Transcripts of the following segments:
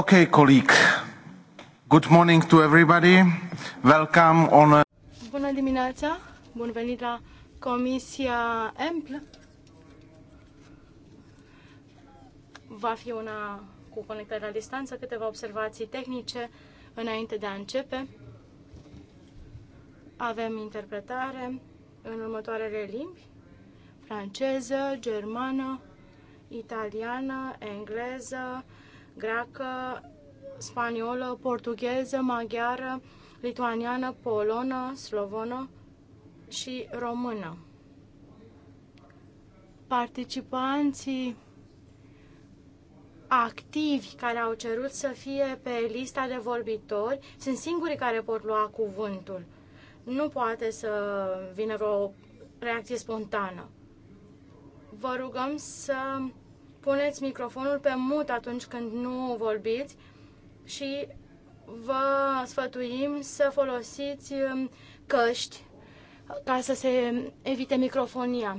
Okay, colleague. Good morning to everybody. Welcome on a... Bună dimineața. Bun venit la Comisia EMPL. Va fi una cu conectare la distanță, câteva observații tehnice înainte de a începe. Avem interpretare în următoarele limbi. Franceză, germană, italiană, engleză, greacă, spaniolă, portugheză, maghiară, lituaniană, polonă, slovonă și română. Participanții activi care au cerut să fie pe lista de vorbitori sunt singurii care pot lua cuvântul. Nu poate să vină vreo reacție spontană. Vă rugăm să puneți microfonul pe mut atunci când nu vorbiți și vă sfătuim să folosiți um, căști ca să se evite microfonia.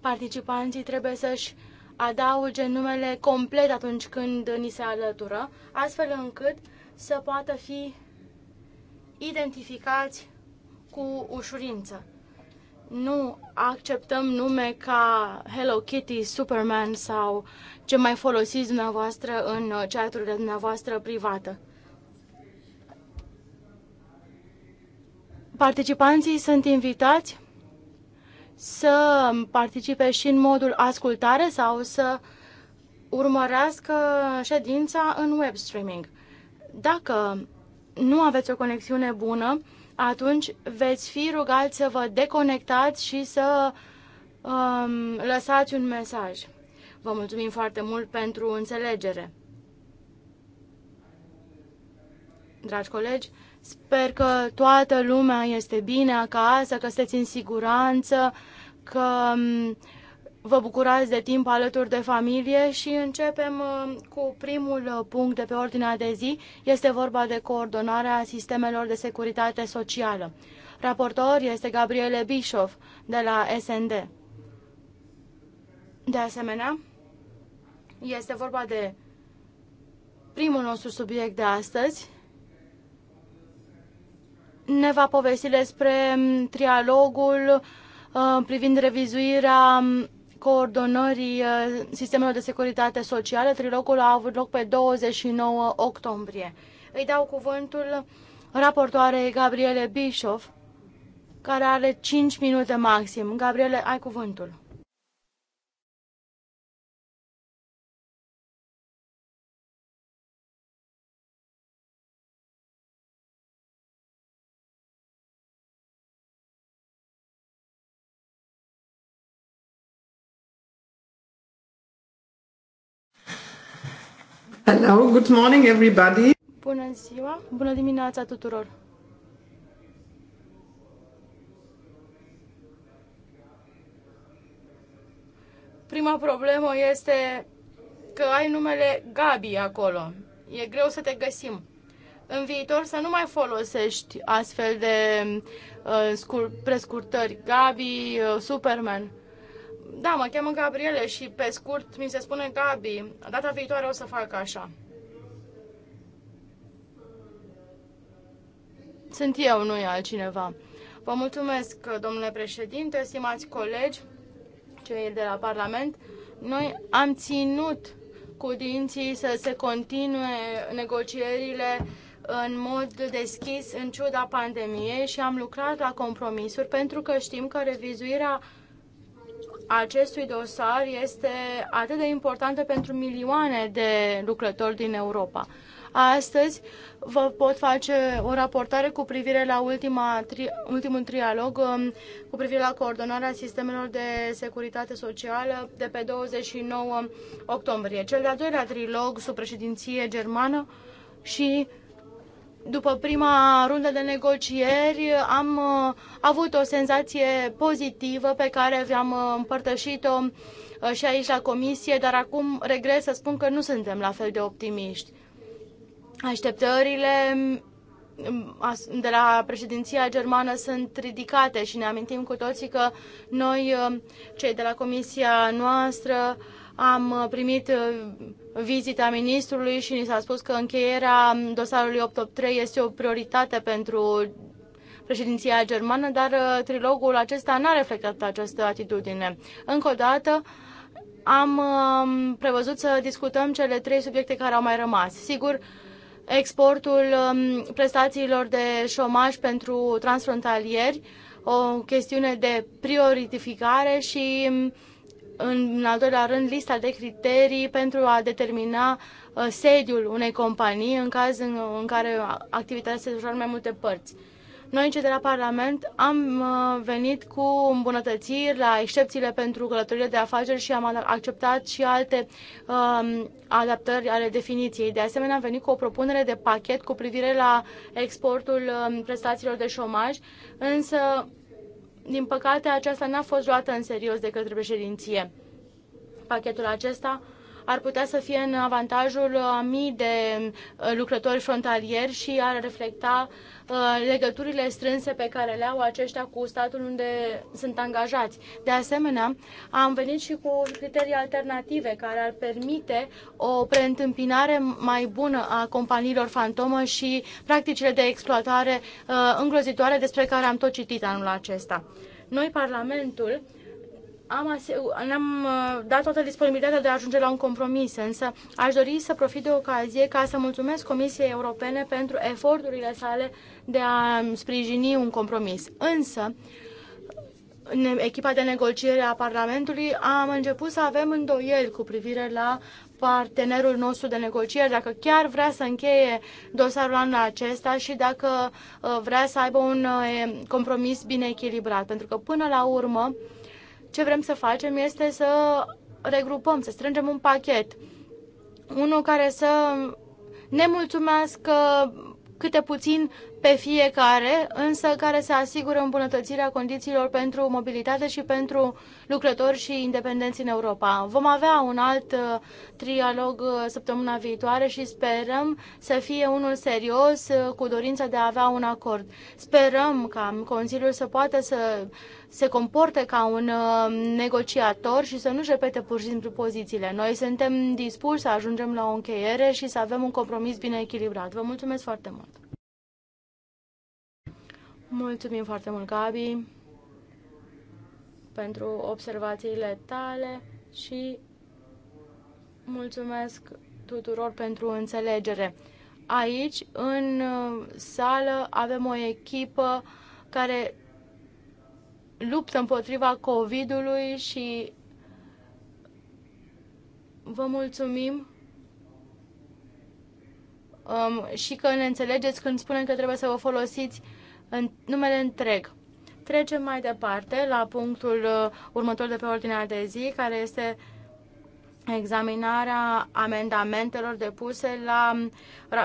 Participanții trebuie să-și adauge numele complet atunci când ni se alătură, astfel încât să poată fi identificați cu ușurință nu acceptăm nume ca Hello Kitty, Superman sau ce mai folosiți dumneavoastră în uh, chaturile dumneavoastră privată. Participanții sunt invitați să participe și în modul ascultare sau să urmărească ședința în web streaming. Dacă nu aveți o conexiune bună, atunci veți fi rugați să vă deconectați și să um, lăsați un mesaj. Vă mulțumim foarte mult pentru înțelegere. Dragi colegi, sper că toată lumea este bine acasă, că sunteți în siguranță, că um, vă bucurați de timp alături de familie și începem uh, cu primul uh, punct de pe ordinea de zi. Este vorba de coordonarea sistemelor de securitate socială. Raportor este Gabriele Bischoff de la SND. De asemenea, este vorba de primul nostru subiect de astăzi. Ne va povesti despre mm, trialogul uh, privind revizuirea mm, coordonării uh, sistemelor de securitate socială. Trilogul a avut loc pe 29 octombrie. Îi dau cuvântul raportoarei Gabriele Bischoff, care are 5 minute maxim. Gabriele, ai cuvântul. Hello, good morning everybody. Bună ziua, bună dimineața tuturor. Prima problemă este că ai numele Gabi acolo. E greu să te găsim. În viitor să nu mai folosești astfel de uh, prescurtări. Gabi, uh, Superman. Da, mă cheamă Gabriele și pe scurt mi se spune Gabi. Data viitoare o să fac așa. Sunt eu, nu e altcineva. Vă mulțumesc, domnule președinte, stimați colegi, cei de la Parlament. Noi am ținut cu dinții să se continue negocierile în mod deschis în ciuda pandemiei și am lucrat la compromisuri pentru că știm că revizuirea acestui dosar este atât de importantă pentru milioane de lucrători din Europa. Astăzi vă pot face o raportare cu privire la ultima, tri, ultimul trialog um, cu privire la coordonarea sistemelor de securitate socială de pe 29 octombrie. Cel de-al doilea trilog sub președinție germană și după prima rundă de negocieri am uh, avut o senzație pozitivă pe care vi-am uh, împărtășit-o uh, și aici la comisie, dar acum regret să spun că nu suntem la fel de optimiști. Așteptările mm, mm, de la președinția germană sunt ridicate și ne amintim cu toții că noi, cei de la comisia noastră, am uh, primit uh, vizita ministrului și ni s-a spus că încheierea dosarului 883 este o prioritate pentru președinția germană, dar uh, trilogul acesta n-a reflectat această atitudine. Încă o dată, am um, prevăzut să discutăm cele trei subiecte care au mai rămas. Sigur, exportul um, prestațiilor de șomaj pentru transfrontalieri, o chestiune de prioritificare și um, în al doilea rând, lista de criterii pentru a determina uh, sediul unei companii în caz în, uh, în care activitatea se desfășoară în mai multe părți. Noi, cei de la Parlament, am uh, venit cu îmbunătățiri la excepțiile pentru călătorile de afaceri și am acceptat și alte um, adaptări ale definiției. De asemenea, am venit cu o propunere de pachet cu privire la exportul um, prestațiilor de șomaj, însă din păcate, aceasta n-a fost luată în serios de către președinție. Pachetul acesta ar putea să fie în avantajul a mii de uh, lucrători frontalieri și ar reflecta Uh, legăturile strânse pe care le au aceștia cu statul unde sunt angajați. De asemenea, am venit și cu criterii alternative care ar permite o preîntâmpinare mai bună a companiilor fantomă și practicile de exploatare uh, îngrozitoare despre care am tot citit anul acesta. Noi, Parlamentul, am ne-am uh, dat toată disponibilitatea de a ajunge la un compromis, însă aș dori să profit de ocazie ca să mulțumesc Comisiei Europene pentru eforturile sale de a sprijini un compromis. Însă, în echipa de negociere a Parlamentului am început să avem îndoieli cu privire la partenerul nostru de negociere, dacă chiar vrea să încheie dosarul anul acesta și dacă uh, vrea să aibă un uh, compromis bine echilibrat. Pentru că până la urmă, ce vrem să facem este să regrupăm, să strângem un pachet. Unul care să ne mulțumească câte puțin pe fiecare, însă care să asigure îmbunătățirea condițiilor pentru mobilitate și pentru lucrători și independenți în Europa. Vom avea un alt uh, trialog uh, săptămâna viitoare și sperăm să fie unul serios uh, cu dorința de a avea un acord. Sperăm ca Consiliul să poată să se comporte ca un negociator și să nu-și repete pur și simplu pozițiile. Noi suntem dispuși să ajungem la o încheiere și să avem un compromis bine echilibrat. Vă mulțumesc foarte mult! Mulțumim foarte mult, Gabi, pentru observațiile tale și mulțumesc tuturor pentru înțelegere. Aici, în uh, sală, avem o echipă care luptă împotriva COVID-ului și vă mulțumim um, și că ne înțelegeți când spunem că trebuie să vă folosiți în numele întreg. Trecem mai departe la punctul uh, următor de pe ordinea de zi, care este examinarea amendamentelor depuse la um,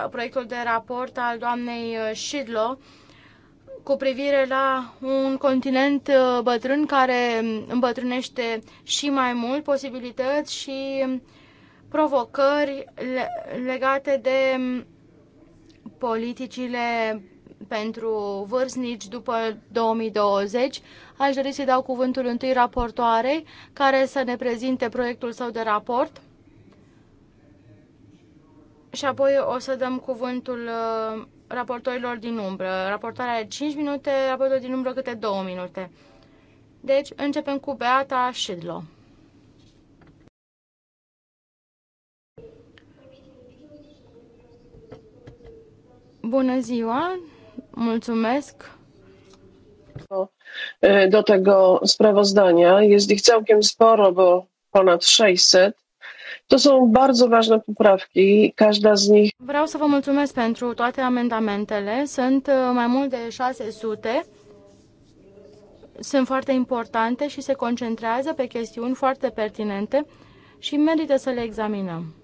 proiectul de raport al doamnei uh, Shidlo cu privire la un continent uh, bătrân care um, îmbătrânește și mai mult posibilități și um, provocări legate de politicile pentru vârstnici după 2020. Aș dori să-i dau cuvântul întâi raportoarei care să ne prezinte proiectul său de raport și apoi o să dăm cuvântul uh, raportorilor din umbră. Raportarea are 5 minute, raportul din umbră câte 2 minute. Deci începem cu Beata Șidlo. Bună ziua! Mulțumesc. Do tego sprawozdania jest ich całkiem sporo, bo ponad 600. To są bardzo ważne poprawki, każda z nich. Vreau să vă mulțumesc pentru toate amendamentele. Sunt uh, mai mult de 600. Sunt foarte importante și se concentrează pe chestiuni foarte pertinente și merită să le examinăm.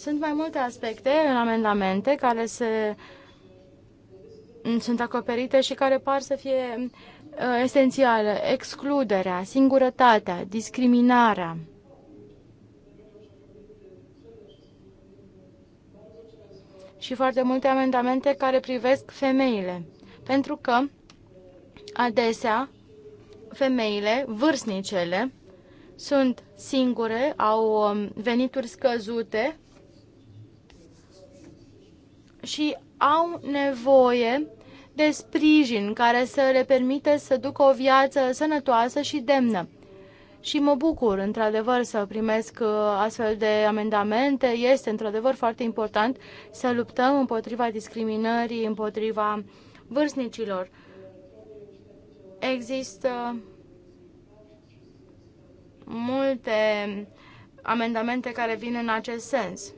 Sunt mai multe aspecte în amendamente care se, mm, sunt acoperite și care par să fie uh, esențiale. Excluderea, singurătatea, discriminarea. Și foarte multe amendamente care privesc femeile. Pentru că adesea femeile, vârstnicele, sunt singure, au um, venituri scăzute și au nevoie de sprijin care să le permite să ducă o viață sănătoasă și demnă. Și mă bucur, într-adevăr, să primesc uh, astfel de amendamente. Este, într-adevăr, foarte important să luptăm împotriva discriminării, împotriva vârstnicilor. Există multe amendamente care vin în acest sens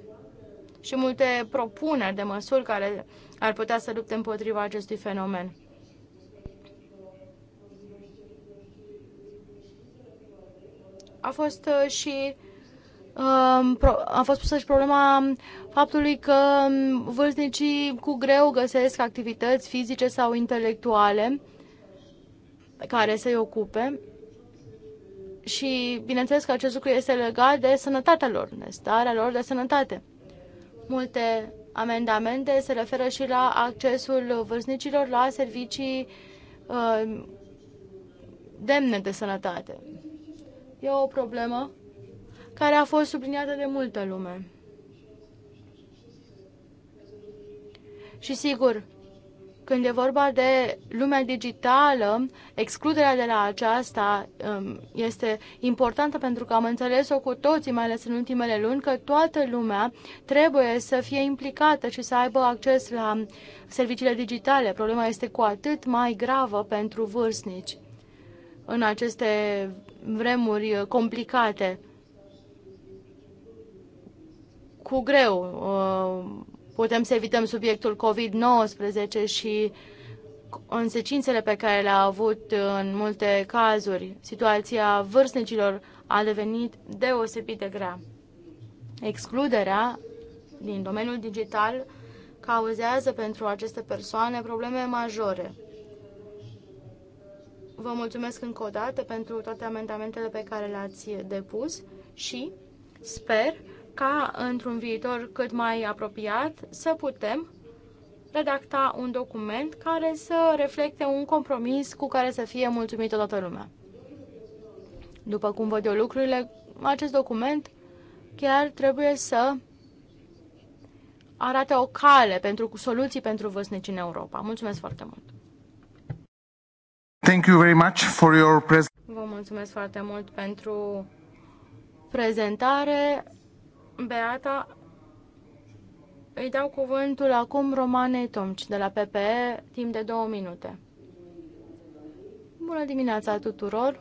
și multe propuneri de măsuri care ar putea să lupte împotriva acestui fenomen. A fost uh, și um, a fost pusă și problema faptului că um, vârstnicii cu greu găsesc activități fizice sau intelectuale care să-i ocupe și bineînțeles că acest lucru este legat de sănătatea lor, de starea lor de sănătate. Multe amendamente se referă și la accesul vârstnicilor la servicii uh, demne de sănătate. E o problemă care a fost subliniată de multă lume. Și sigur, când e vorba de lumea digitală, excluderea de la aceasta um, este importantă pentru că am înțeles-o cu toții, mai ales în ultimele luni, că toată lumea trebuie să fie implicată și să aibă acces la serviciile digitale. Problema este cu atât mai gravă pentru vârstnici în aceste vremuri complicate. Cu greu uh, putem să evităm subiectul COVID-19 și consecințele pe care le-a avut în multe cazuri. Situația vârstnicilor a devenit deosebit de grea. Excluderea din domeniul digital cauzează pentru aceste persoane probleme majore. Vă mulțumesc încă o dată pentru toate amendamentele pe care le-ați depus și sper ca într-un viitor cât mai apropiat să putem redacta un document care să reflecte un compromis cu care să fie mulțumită toată lumea. După cum văd eu lucrurile, acest document chiar trebuie să arate o cale pentru soluții pentru văsnici în Europa. Mulțumesc foarte mult! Thank you very much for your Vă mulțumesc foarte mult pentru prezentare. Beata, îi dau cuvântul acum Romanei Tomci de la PPE, timp de două minute. Bună dimineața tuturor!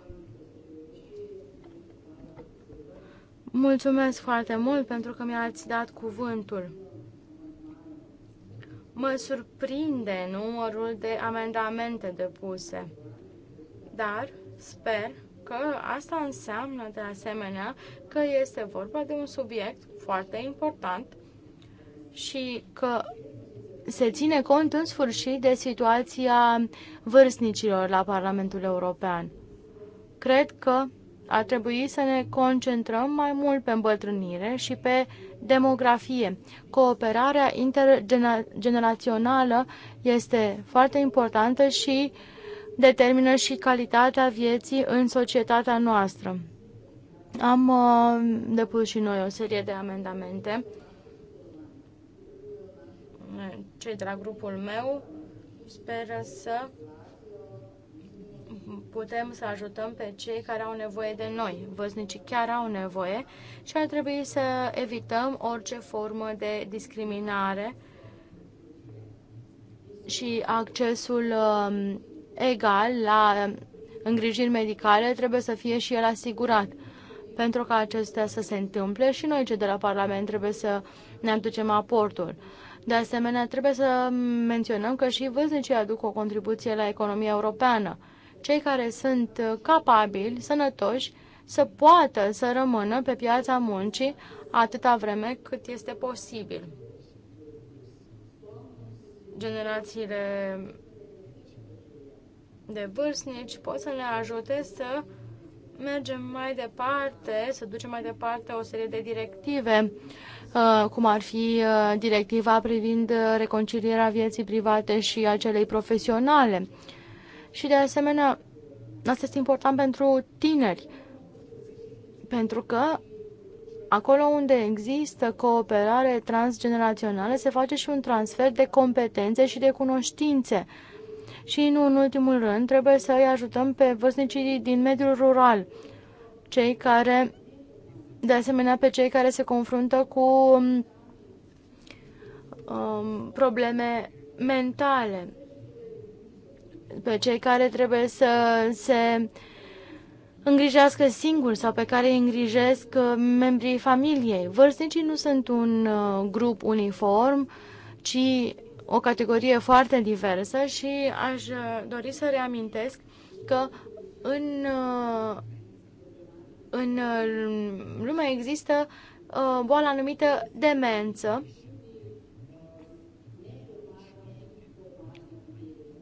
Mulțumesc foarte mult pentru că mi-ați dat cuvântul. Mă surprinde numărul de amendamente depuse, dar sper că asta înseamnă de asemenea că este vorba de un subiect foarte important și că se ține cont în sfârșit de situația vârstnicilor la Parlamentul European. Cred că ar trebui să ne concentrăm mai mult pe îmbătrânire și pe demografie. Cooperarea intergenerațională este foarte importantă și uh, determină și calitatea vieții în societatea noastră. Am uh, depus și noi o serie de amendamente. Cei de la grupul meu speră să putem să ajutăm pe cei care au nevoie de noi. Văznicii chiar au nevoie și ar trebui să evităm orice formă de discriminare și accesul um, egal la um, îngrijiri medicale trebuie să fie și el asigurat. Pentru ca acestea să se întâmple și noi cei de la Parlament trebuie să ne aducem aportul. De asemenea, trebuie să menționăm că și vâznicii aduc o contribuție la economia europeană. Cei care sunt uh, capabili, sănătoși, să poată să rămână pe piața muncii atâta vreme cât este posibil. Generațiile de vârstnici pot să ne ajute să mergem mai departe, să ducem mai departe o serie de directive, uh, cum ar fi uh, directiva privind uh, reconcilierea vieții private și a celei profesionale. Și de asemenea, asta este important pentru tineri, pentru că acolo unde există cooperare transgenerațională se face și un transfer de competențe și de cunoștințe. Și nu în ultimul rând, trebuie să îi ajutăm pe vârstnicii din mediul rural, cei care, de asemenea pe cei care se confruntă cu um, um probleme mentale, pe cei care trebuie să se îngrijească singuri sau pe care îi îngrijesc uh, membrii familiei. Vârstnicii nu sunt un uh, grup uniform, ci o categorie foarte diversă și aș uh, dori să reamintesc că în, uh, în uh, lume există boala numită demență,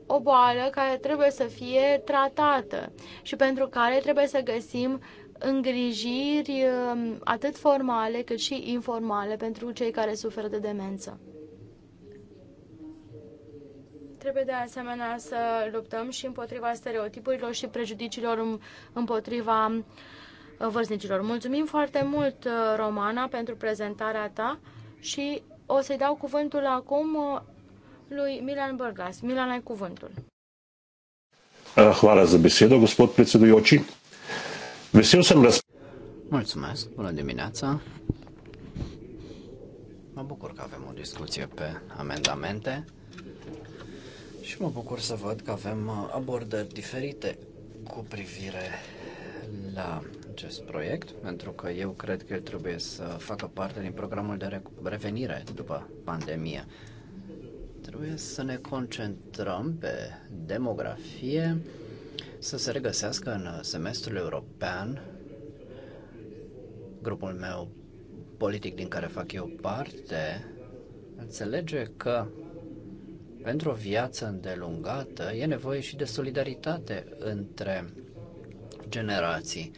o boală care trebuie să fie tratată și pentru care trebuie să găsim îngrijiri atât formale cât și informale pentru cei care suferă de demență. Trebuie de asemenea să luptăm și împotriva stereotipurilor și prejudiciilor împotriva uh, vârstnicilor. Mulțumim foarte mult, uh, Romana, pentru prezentarea ta și o să-i dau cuvântul acum uh, lui Milan Bărgas. Milan, ai cuvântul. Hvala za besedo, gospod predsedujoči. Vesel sem raz... Da Mulțumesc, bună dimineața. Mă bucur că avem o discuție pe amendamente. Și mă bucur să văd că avem uh, abordări diferite cu privire la acest proiect, pentru că eu cred că el trebuie să facă parte din programul de revenire după pandemie. Trebuie să ne concentrăm pe demografie, să se regăsească în semestrul european. Grupul meu politic din care fac eu parte înțelege că pentru o viață îndelungată e nevoie și de solidaritate între generații,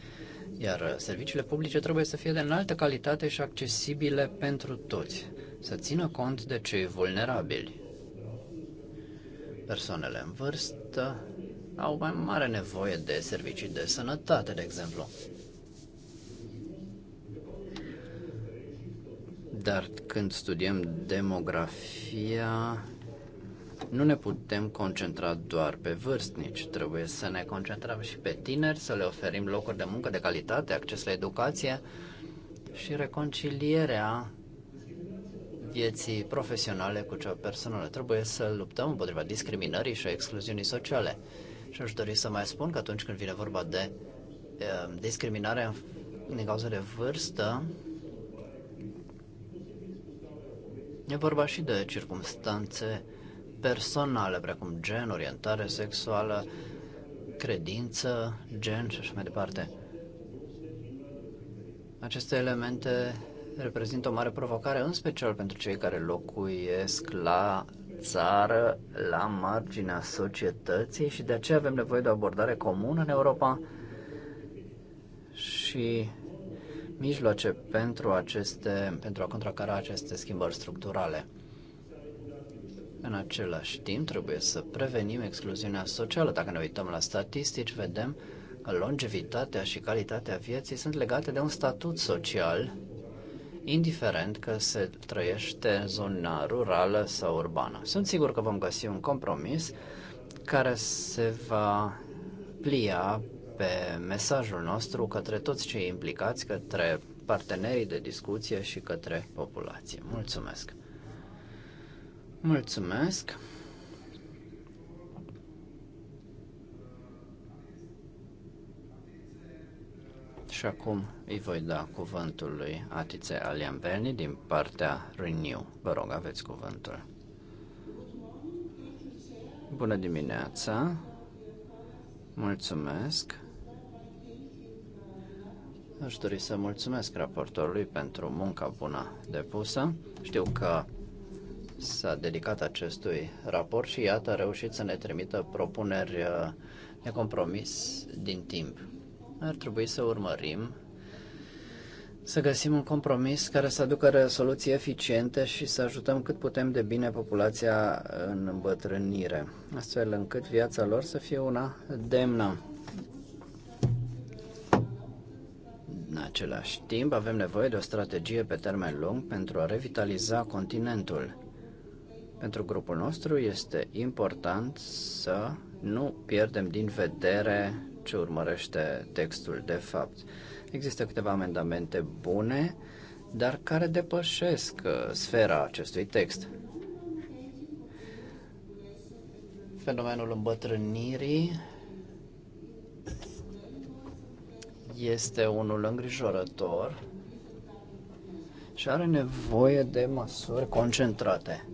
iar serviciile publice trebuie să fie de înaltă calitate și accesibile pentru toți, să țină cont de cei vulnerabili. Persoanele în vârstă au mai mare nevoie de servicii de sănătate, de exemplu. Dar când studiem demografia, nu ne putem concentra doar pe vârstnici, trebuie să ne concentrăm și pe tineri, să le oferim locuri de muncă de calitate, acces la educație și reconcilierea vieții profesionale cu cea personală. Trebuie să luptăm împotriva discriminării și a excluziunii sociale. Și aș dori să mai spun că atunci când vine vorba de uh, discriminare din cauza de vârstă, e vorba și de circumstanțe personale, precum gen, orientare sexuală, credință, gen și așa mai departe. Aceste elemente reprezintă o mare provocare, în special pentru cei care locuiesc la țară, la marginea societății și de aceea avem nevoie de o abordare comună în Europa și mijloace pentru, aceste, pentru a contracara aceste schimbări structurale. În același timp, trebuie să prevenim excluziunea socială. Dacă ne uităm la statistici, vedem că longevitatea și calitatea vieții sunt legate de un statut social, indiferent că se trăiește în zona rurală sau urbană. Sunt sigur că vom găsi un compromis care se va plia pe mesajul nostru către toți cei implicați, către partenerii de discuție și către populație. Mulțumesc! Mulțumesc! Și acum îi voi da cuvântul lui Atice Alianberni din partea Renew. Vă rog, aveți cuvântul. Bună dimineața! Mulțumesc! Aș dori să mulțumesc raportorului pentru munca bună depusă. Știu că s-a dedicat acestui raport și iată a reușit să ne trimită propuneri uh, de compromis din timp. Ar trebui să urmărim să găsim un compromis care să aducă soluții eficiente și să ajutăm cât putem de bine populația în îmbătrânire, astfel încât viața lor să fie una demnă. În același timp, avem nevoie de o strategie pe termen lung pentru a revitaliza continentul. Pentru grupul nostru este important să nu pierdem din vedere ce urmărește textul de fapt. Există câteva amendamente bune, dar care depășesc uh, sfera acestui text. Fenomenul îmbătrânirii este unul îngrijorător și are nevoie de măsuri concentrate.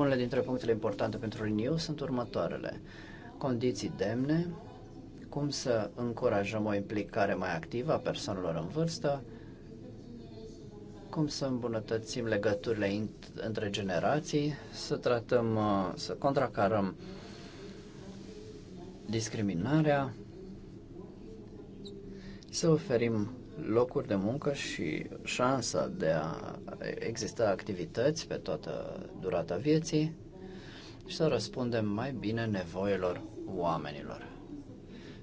Unele dintre punctele importante pentru Renew sunt următoarele. Condiții demne, cum să încurajăm o implicare mai activă a persoanelor în vârstă, cum să îmbunătățim legăturile între generații, să tratăm, uh, să contracarăm discriminarea, să oferim locuri de muncă și șansa de a exista activități pe toată durata vieții și să răspundem mai bine nevoilor oamenilor,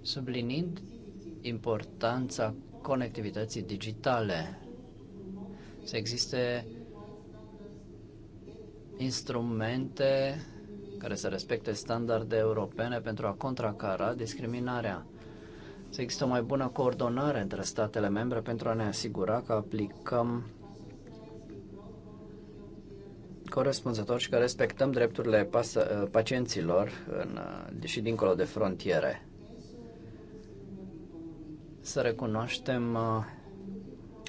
sublinind importanța conectivității digitale, să existe instrumente care să respecte standarde europene pentru a contracara discriminarea să există o mai bună coordonare între statele membre pentru a ne asigura că aplicăm corespunzător și că respectăm drepturile ă, pacienților în, ă, și dincolo de frontiere. Să recunoaștem ă,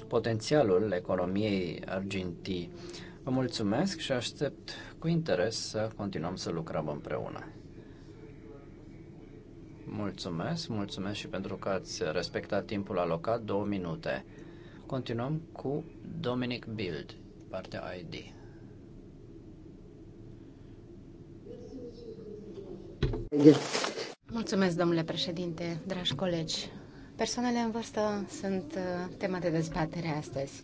potențialul economiei argintii. Vă mulțumesc și aștept cu interes să continuăm să lucrăm împreună. Mulțumesc, mulțumesc și pentru că ați respectat timpul alocat, două minute. Continuăm cu Dominic Bild, partea ID. Mulțumesc, domnule președinte, dragi colegi. Persoanele în vârstă sunt uh, tema de dezbatere astăzi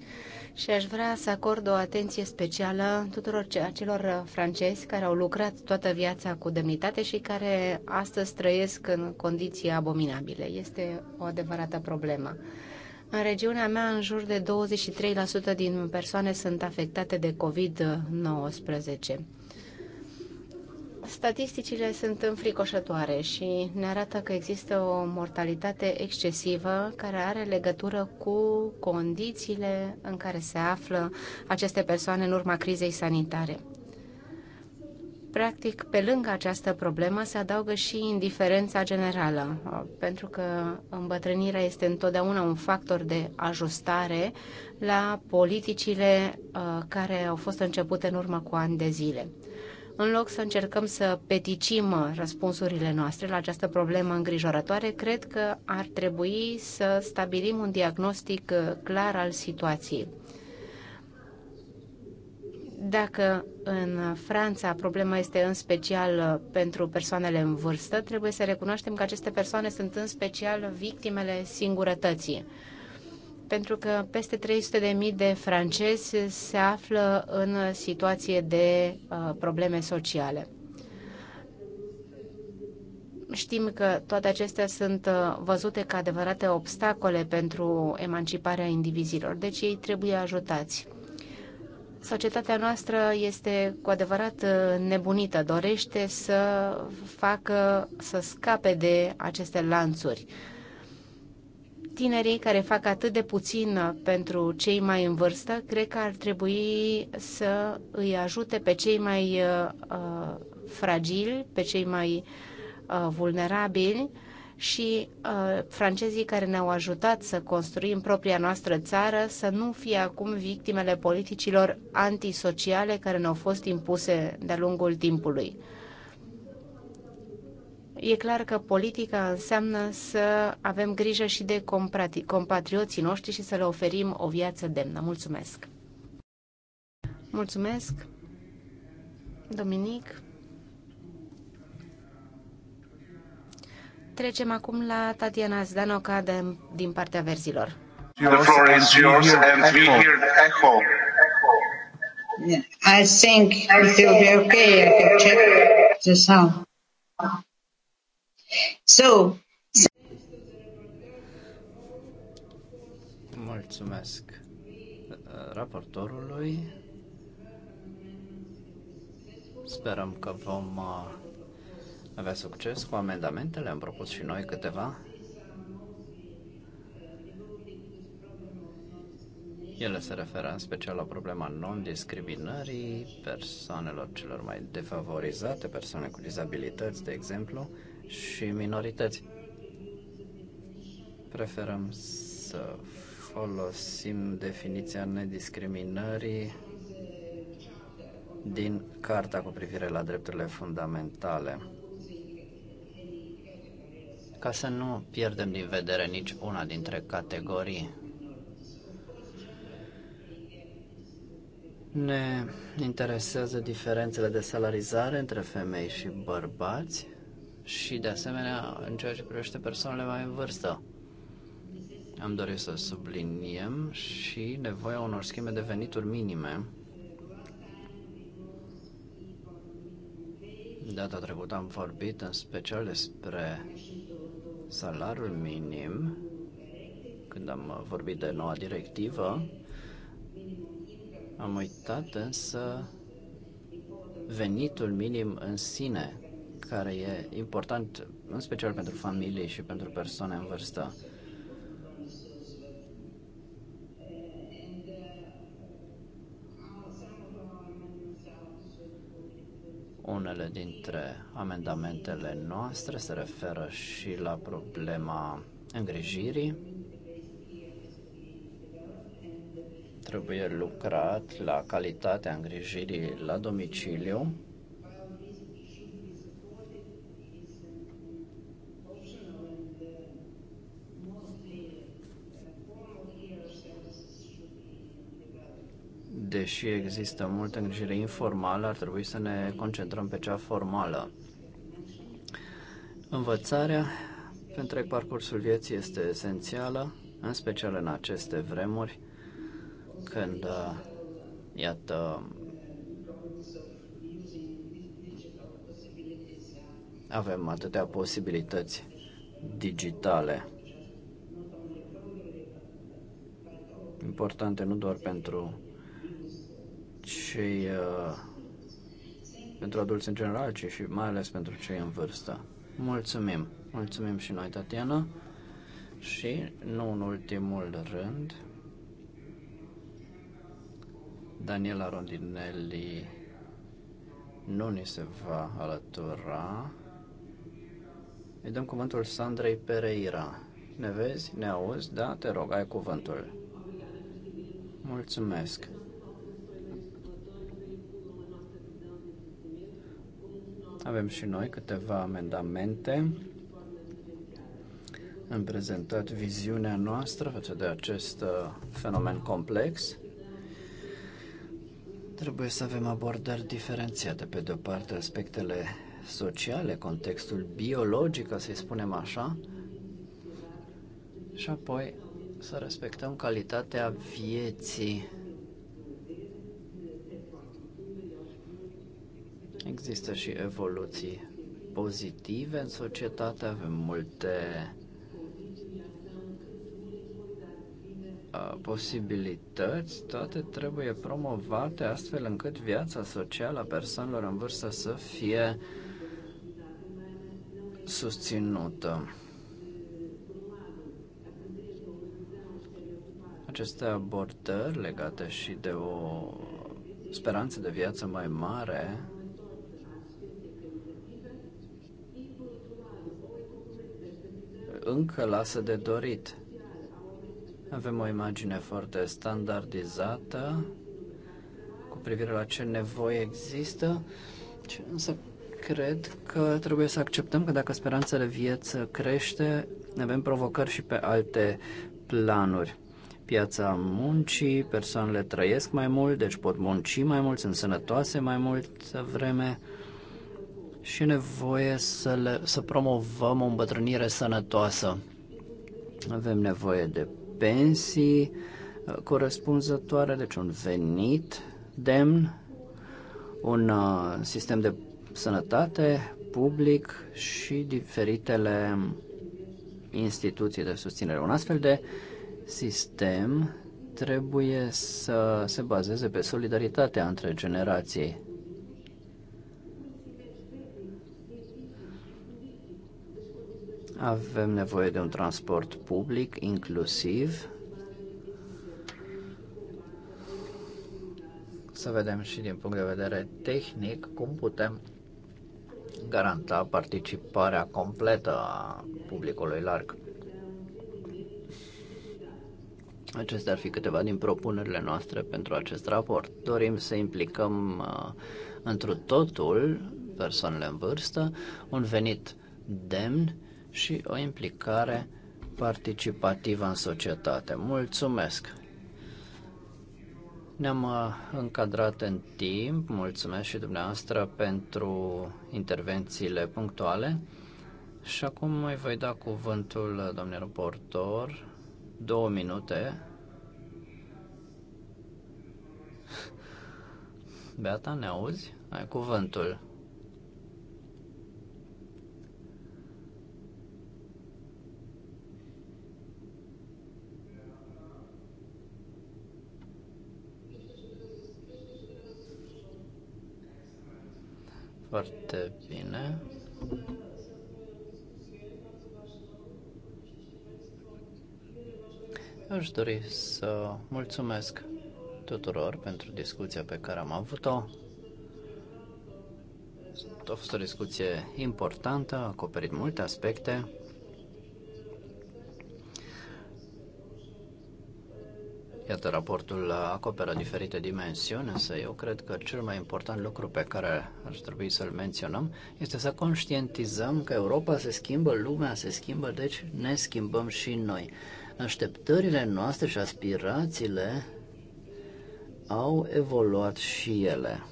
și aș vrea să acord o atenție specială tuturor acelor uh, francezi care au lucrat toată viața cu demnitate și care astăzi trăiesc în condiții abominabile. Este o adevărată problemă. În regiunea mea, în jur de 23% din persoane sunt afectate de COVID-19. Statisticile sunt înfricoșătoare și ne arată că există o mortalitate excesivă care are legătură cu condițiile în care se află aceste persoane în urma crizei sanitare. Practic, pe lângă această problemă se adaugă și indiferența generală, pentru că îmbătrânirea este întotdeauna un factor de ajustare la politicile uh, care au fost începute în urmă cu ani de zile. În loc să încercăm să peticim răspunsurile noastre la această problemă îngrijorătoare, cred că ar trebui să stabilim un diagnostic clar al situației. Dacă în Franța problema este în special pentru persoanele în vârstă, trebuie să recunoaștem că aceste persoane sunt în special victimele singurătății pentru că peste 300.000 de francezi se află în situație de uh, probleme sociale. Știm că toate acestea sunt uh, văzute ca adevărate obstacole pentru emanciparea indivizilor, deci ei trebuie ajutați. Societatea noastră este cu adevărat uh, nebunită, dorește să facă, să scape de aceste lanțuri tinerii care fac atât de puțin uh, pentru cei mai în vârstă, cred că ar trebui să îi ajute pe cei mai uh, uh, fragili, pe cei mai uh, vulnerabili și uh, francezii care ne-au ajutat să construim propria noastră țară să nu fie acum victimele politicilor antisociale care ne-au fost impuse de-a lungul timpului. E clar că politica înseamnă să avem grijă și de compatrioții noștri și să le oferim o viață demnă. Mulțumesc! Mulțumesc, Dominic. Trecem acum la Tatiana Zdanoca de, din partea verzilor. The floor is yours and we hear the echo. I think it will be okay. I can check the sound. So, Mulțumesc uh, raportorului. Sperăm că vom uh, avea succes cu amendamentele. Am propus și noi câteva. Ele se referă în special la problema non-discriminării persoanelor celor mai defavorizate, persoane cu dizabilități, de exemplu și minorități. Preferăm să folosim definiția nediscriminării din Carta cu privire la drepturile fundamentale ca să nu pierdem din vedere nici una dintre categorii. Ne interesează diferențele de salarizare între femei și bărbați și, de asemenea, în ceea ce privește persoanele mai în vârstă. Am dorit să subliniem și nevoia unor scheme de venituri minime. Data trecută am vorbit în special despre salariul minim, când am vorbit de noua directivă, am uitat însă venitul minim în sine, care e important în special pentru familii și pentru persoane în vârstă. Unele dintre amendamentele noastre se referă și la problema îngrijirii. Trebuie lucrat la calitatea îngrijirii la domiciliu. deși există multă îngrijire informală, ar trebui să ne concentrăm pe cea formală. Învățarea pentru parcursul vieții este esențială, în special în aceste vremuri, când, uh, iată, avem atâtea posibilități digitale importante nu doar pentru cei uh, pentru adulți în general, ci și mai ales pentru cei în vârstă. Mulțumim! Mulțumim și noi, Tatiana! Și, nu în ultimul rând, Daniela Rondinelli nu ni se va alătura. Îi dăm cuvântul Sandrei Pereira. Ne vezi? Ne auzi? Da? Te rog, ai cuvântul. Mulțumesc. Avem și noi câteva amendamente. Am prezentat viziunea noastră față de acest uh, fenomen complex. Trebuie să avem abordări diferențiate. Pe de-o parte, aspectele sociale, contextul biologic, ca să-i spunem așa, și apoi să respectăm calitatea vieții există și evoluții pozitive în societate, avem multe uh, posibilități, toate trebuie promovate astfel încât viața socială a persoanelor în vârstă să fie susținută. Aceste abordări legate și de o speranță de viață mai mare încă lasă de dorit. Avem o imagine foarte standardizată cu privire la ce nevoie există, însă cred că trebuie să acceptăm că dacă speranța de viață crește, avem provocări și pe alte planuri. Piața muncii, persoanele trăiesc mai mult, deci pot munci mai mult, sunt sănătoase mai mult vreme, și nevoie să, le, să promovăm o îmbătrânire sănătoasă. Avem nevoie de pensii uh, corespunzătoare, deci un venit demn, un uh, sistem de sănătate public și diferitele instituții de susținere. Un astfel de sistem trebuie să se bazeze pe solidaritatea între generații. Avem nevoie de un transport public inclusiv. Să vedem și din punct de vedere tehnic cum putem garanta participarea completă a publicului larg. Acestea ar fi câteva din propunerile noastre pentru acest raport. Dorim să implicăm uh, întru totul persoanele în vârstă, un venit demn și o implicare participativă în societate. Mulțumesc! Ne-am uh, încadrat în timp. Mulțumesc și dumneavoastră pentru intervențiile punctuale. Și acum îi voi da cuvântul domnului reportor, Două minute. Beata, ne auzi? Ai cuvântul. Foarte bine. Aș dori să mulțumesc tuturor pentru discuția pe care am avut-o. A fost o discuție importantă, a acoperit multe aspecte. Iată, raportul acoperă diferite dimensiuni, însă eu cred că cel mai important lucru pe care ar trebui să-l menționăm este să conștientizăm că Europa se schimbă, lumea se schimbă, deci ne schimbăm și noi. Așteptările noastre și aspirațiile au evoluat și ele.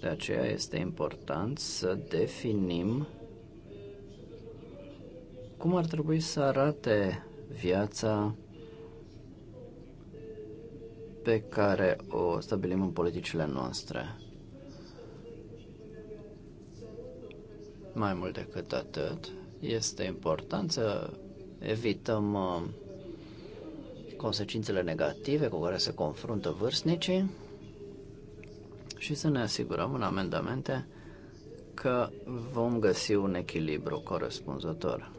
De aceea este important să definim cum ar trebui să arate viața pe care o stabilim în politicile noastre. Mai mult decât atât, este important să evităm uh, consecințele negative cu care se confruntă vârstnicii și să ne asigurăm în amendamente că vom găsi un echilibru corespunzător.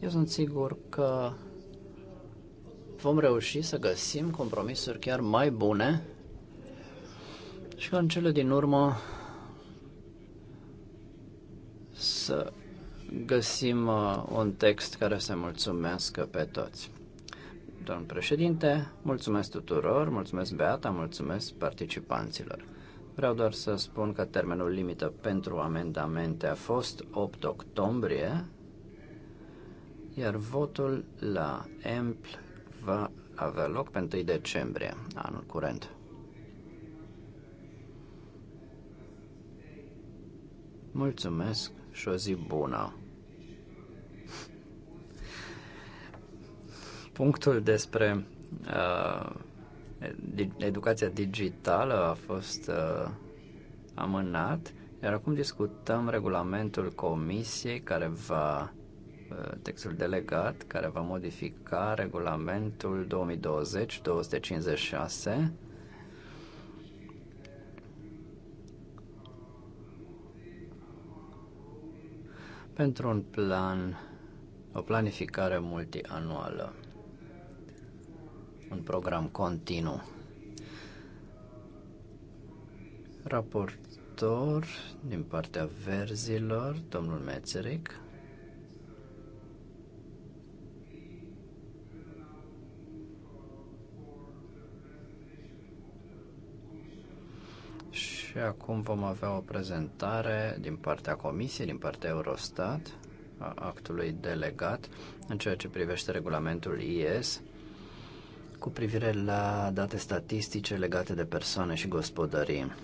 Eu sunt sigur că vom reuși să găsim compromisuri chiar mai bune și ca în cele din urmă să găsim uh, un text care să mulțumească pe toți. Domnul președinte, mulțumesc tuturor, mulțumesc Beata, mulțumesc participanților. Vreau doar să spun că termenul limită pentru amendamente a fost 8 octombrie, iar votul la EMPL va avea loc pe 1 decembrie anul curent. Mulțumesc și o zi bună! Punctul despre uh, educația digitală a fost uh, amânat, iar acum discutăm regulamentul comisiei care va Uh, textul delegat care va modifica regulamentul 2020-256 pentru un plan, o planificare multianuală, un program continuu. Raportor din partea verzilor, domnul Mețeric. Și acum vom avea o prezentare din partea Comisiei, din partea Eurostat, a actului delegat în ceea ce privește regulamentul IS cu privire la date statistice legate de persoane și gospodării.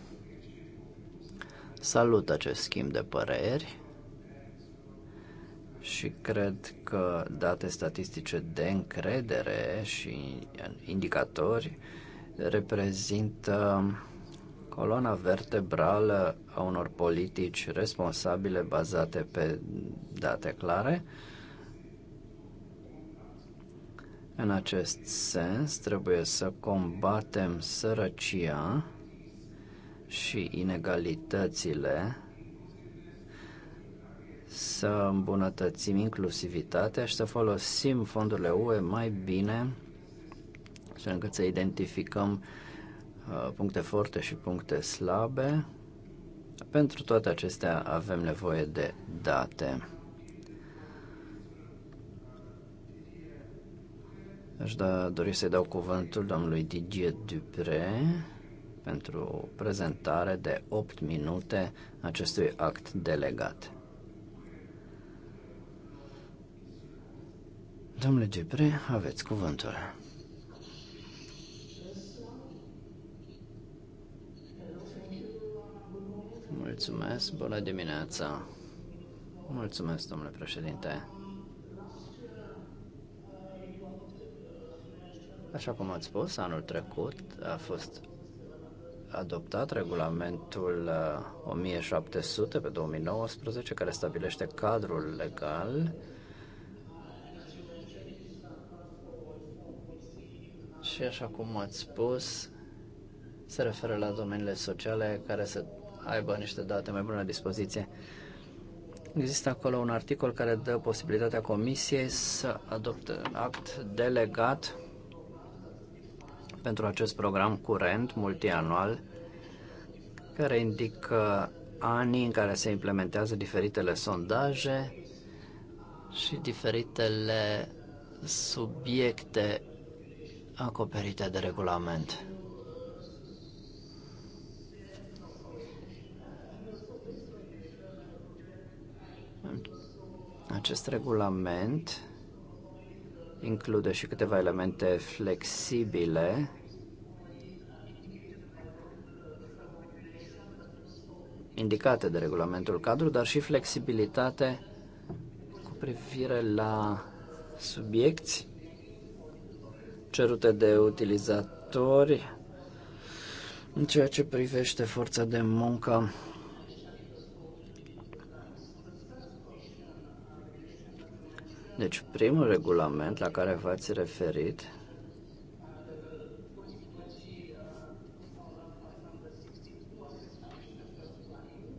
Salut acest schimb de păreri și cred că date statistice de încredere și indicatori reprezintă coloana vertebrală a unor politici responsabile bazate pe date clare. În acest sens, trebuie să combatem sărăcia și inegalitățile, să îmbunătățim inclusivitatea și să folosim fondurile UE mai bine, astfel încât să identificăm uh, Uh, puncte forte și puncte slabe. Pentru toate acestea avem nevoie de date. Aș da, dori să-i dau cuvântul domnului Didier Dupre pentru o prezentare de 8 minute acestui act delegat. Domnule Dupre, aveți cuvântul. Mulțumesc, bună dimineața. Mulțumesc, domnule președinte. Așa cum ați spus, anul trecut a fost adoptat regulamentul 1700 uh, pe 2019 care stabilește cadrul legal și așa cum ați spus se referă la domeniile sociale care se aibă niște date mai bune la dispoziție. Există acolo un articol care dă posibilitatea Comisiei să adopte un act delegat pentru acest program curent, multianual, care indică anii în care se implementează diferitele sondaje și diferitele subiecte acoperite de regulament. Acest regulament include și câteva elemente flexibile indicate de regulamentul cadru, dar și flexibilitate cu privire la subiecti cerute de utilizatori în ceea ce privește forța de muncă Deci, primul regulament la care v-ați referit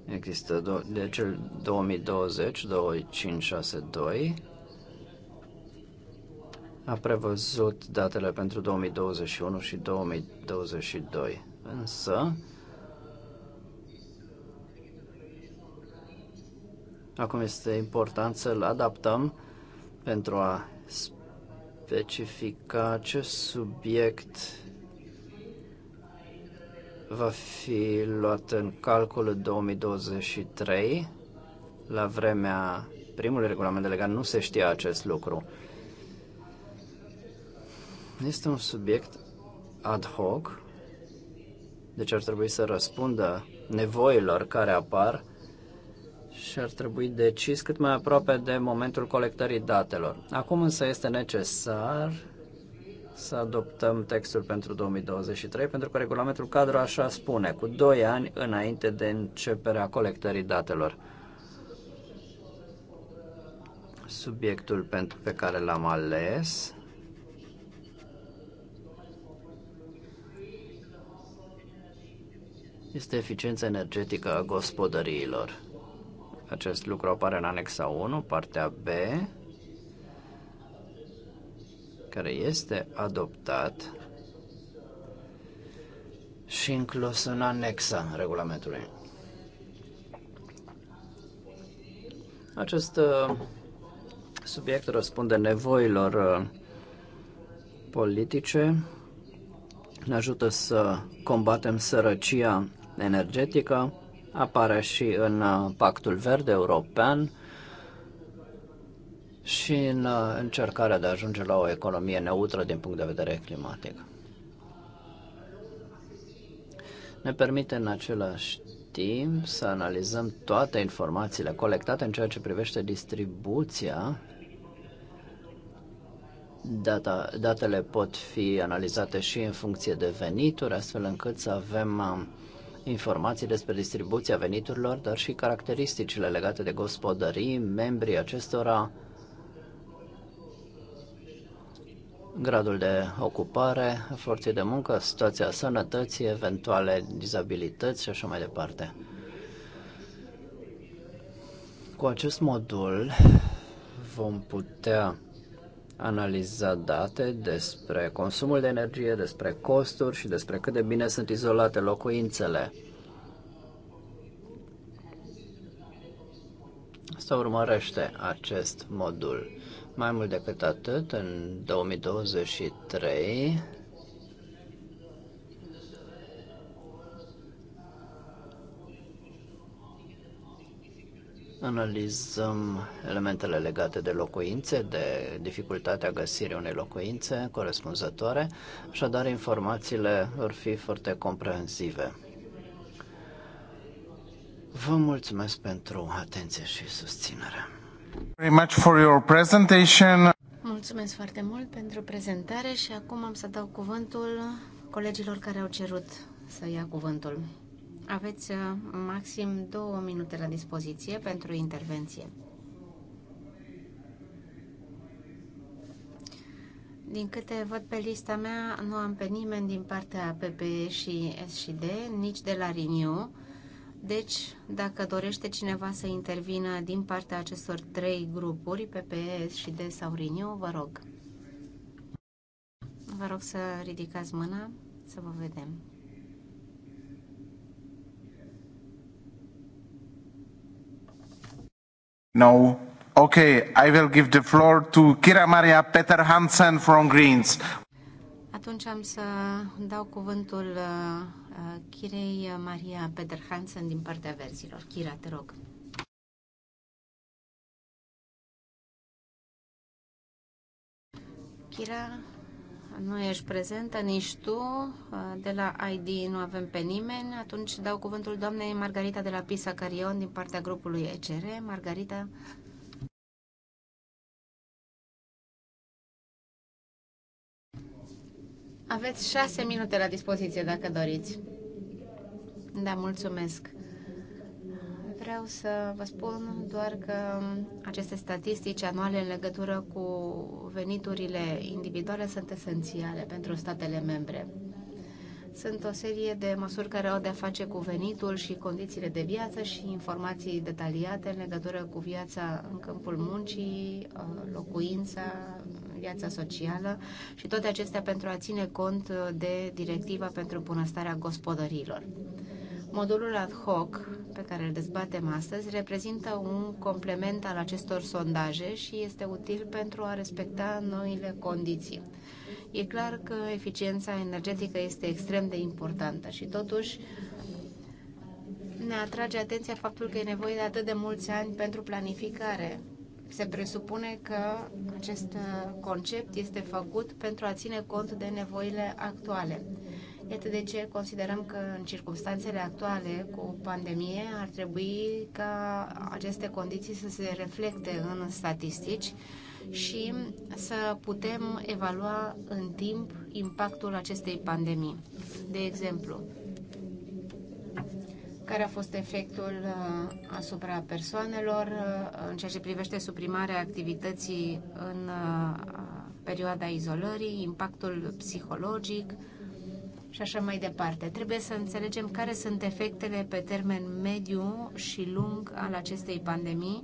Există do- de cel 2020, 2562 a prevăzut datele pentru 2021 și 2022. Însă, acum este important să-l adaptăm pentru a specifica ce subiect va fi luat în calcul 2023. La vremea primului regulament delegat nu se știa acest lucru. Este un subiect ad hoc, deci ar trebui să răspundă nevoilor care apar și ar trebui decis cât mai aproape de momentul colectării datelor. Acum însă este necesar să adoptăm textul pentru 2023, pentru că regulamentul cadru așa spune, cu 2 ani înainte de începerea colectării datelor. Subiectul pe care l-am ales este eficiența energetică a gospodăriilor. Acest lucru apare în anexa 1, partea B, care este adoptat și inclus în anexa regulamentului. Acest uh, subiect răspunde nevoilor uh, politice, ne ajută să combatem sărăcia energetică, apare și în uh, Pactul Verde European și în uh, încercarea de a ajunge la o economie neutră din punct de vedere climatic. Ne permite în același timp să analizăm toate informațiile colectate în ceea ce privește distribuția. Data, datele pot fi analizate și în funcție de venituri, astfel încât să avem uh, informații despre distribuția veniturilor, dar și caracteristicile legate de gospodării, membrii acestora, gradul de ocupare, forții de muncă, situația sănătății, eventuale dizabilități și așa mai departe. Cu acest modul vom putea analiza date despre consumul de energie, despre costuri și despre cât de bine sunt izolate locuințele. Să urmărește acest modul. Mai mult decât atât, în 2023 analizăm elementele legate de locuințe, de dificultatea găsirii unei locuințe corespunzătoare, așadar informațiile vor fi foarte comprehensive. Vă mulțumesc pentru atenție și susținere. Very much for your presentation. Mulțumesc foarte mult pentru prezentare și acum am să dau cuvântul colegilor care au cerut să ia cuvântul. Aveți uh, maxim două minute la dispoziție pentru intervenție. Din câte văd pe lista mea, nu am pe nimeni din partea PPE și SD, nici de la Renew. Deci, dacă dorește cineva să intervină din partea acestor trei grupuri, PPE, SD sau Renew, vă rog. Vă rog să ridicați mâna, să vă vedem. No. Okay, I will give the floor to Kira Maria Peter Hansen from Greens. Atunci am să dau cuvântul Kirei uh, uh, Maria Peter Hansen din partea verzilor. Kira, te rog. Kira nu ești prezentă nici tu, de la ID nu avem pe nimeni, atunci dau cuvântul doamnei Margarita de la Pisa Carion din partea grupului ECR. Margarita. Aveți șase minute la dispoziție dacă doriți. Da, mulțumesc. Vreau să vă spun doar că aceste statistici anuale în legătură cu veniturile individuale sunt esențiale pentru statele membre. Sunt o serie de măsuri care au de-a face cu venitul și condițiile de viață și informații detaliate în legătură cu viața în câmpul muncii, uh, locuința, viața socială și toate acestea pentru a ține cont de directiva pentru bunăstarea gospodărilor. Modulul ad hoc pe care îl dezbatem astăzi reprezintă un complement al acestor sondaje și este util pentru a respecta noile condiții. E clar că eficiența energetică este extrem de importantă și totuși ne atrage atenția faptul că e nevoie de atât de mulți ani pentru planificare. Se presupune că acest concept este făcut pentru a ține cont de nevoile actuale. Iată de ce considerăm că în circunstanțele actuale cu pandemie ar trebui ca aceste condiții să se reflecte în statistici și să putem evalua în timp impactul acestei pandemii. De exemplu, care a fost efectul uh, asupra persoanelor uh, în ceea ce privește suprimarea activității în uh, perioada izolării, impactul psihologic, și așa mai departe. Trebuie să înțelegem care sunt efectele pe termen mediu și lung al acestei pandemii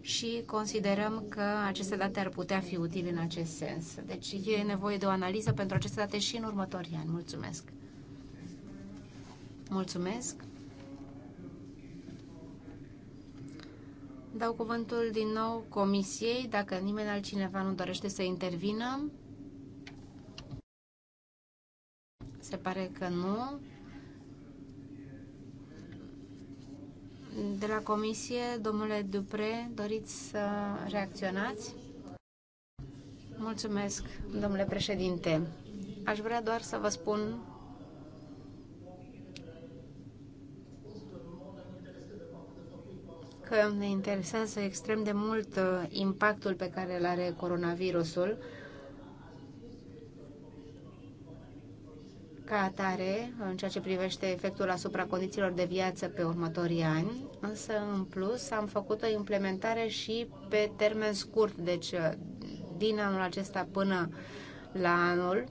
și considerăm că aceste date ar putea fi utile în acest sens. Deci e nevoie de o analiză pentru aceste date și în următorii ani. Mulțumesc! Mulțumesc! Dau cuvântul din nou comisiei, dacă nimeni altcineva nu dorește să intervină. Se pare că nu. De la comisie, domnule Dupre, doriți să reacționați? Mulțumesc, domnule președinte. Aș vrea doar să vă spun că ne interesează extrem de mult uh, impactul pe care îl are coronavirusul ca atare în ceea ce privește efectul asupra condițiilor de viață pe următorii ani, însă în plus am făcut o implementare și pe termen scurt, deci din anul acesta până la anul,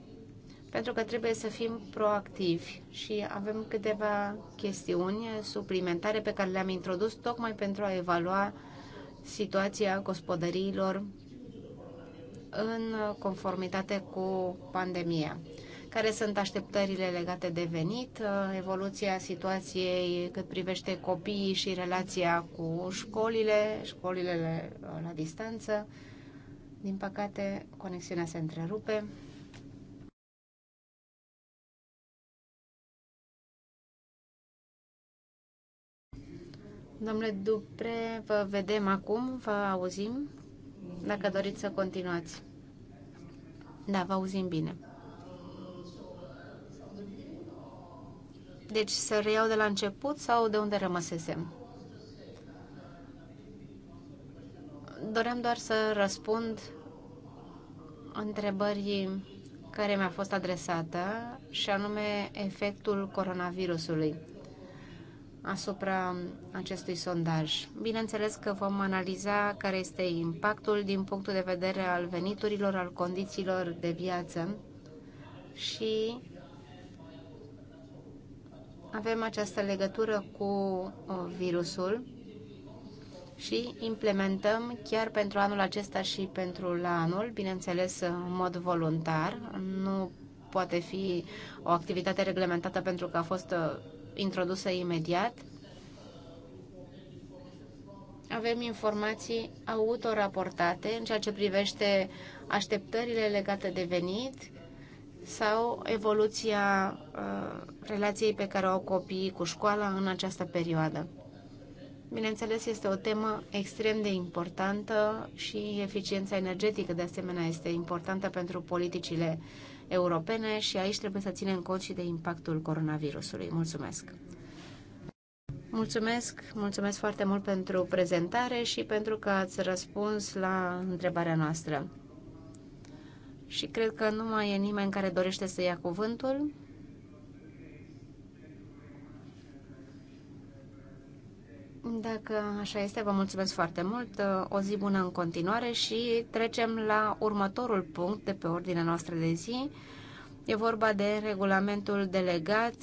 pentru că trebuie să fim proactivi și avem câteva chestiuni suplimentare pe care le-am introdus tocmai pentru a evalua situația gospodăriilor în conformitate cu pandemia care sunt așteptările legate de venit, uh, evoluția situației cât privește copiii și relația cu școlile, școlile uh, la distanță. Din păcate, conexiunea se întrerupe. Domnule Dupre, vă vedem acum, vă auzim, dacă doriți să continuați. Da, vă auzim bine. Deci să reiau de la început sau de unde rămăsesem? Doream doar să răspund întrebării care mi-a fost adresată și anume efectul coronavirusului asupra acestui sondaj. Bineînțeles că vom analiza care este impactul din punctul de vedere al veniturilor, al condițiilor de viață și avem această legătură cu uh, virusul și implementăm chiar pentru anul acesta și pentru la anul, bineînțeles uh, în mod voluntar. Nu poate fi o activitate reglementată pentru că a fost uh, introdusă imediat. Avem informații autoraportate în ceea ce privește așteptările legate de venit, sau evoluția uh, relației pe care o au copiii cu școala în această perioadă. Bineînțeles, este o temă extrem de importantă și eficiența energetică de asemenea este importantă pentru politicile europene și aici trebuie să ținem cont și de impactul coronavirusului. Mulțumesc! Mulțumesc, mulțumesc foarte mult pentru prezentare și pentru că ați răspuns la întrebarea noastră și cred că nu mai e nimeni care dorește să ia cuvântul. Dacă așa este, vă mulțumesc foarte mult. O zi bună în continuare și trecem la următorul punct de pe ordinea noastră de zi. E vorba de regulamentul delegat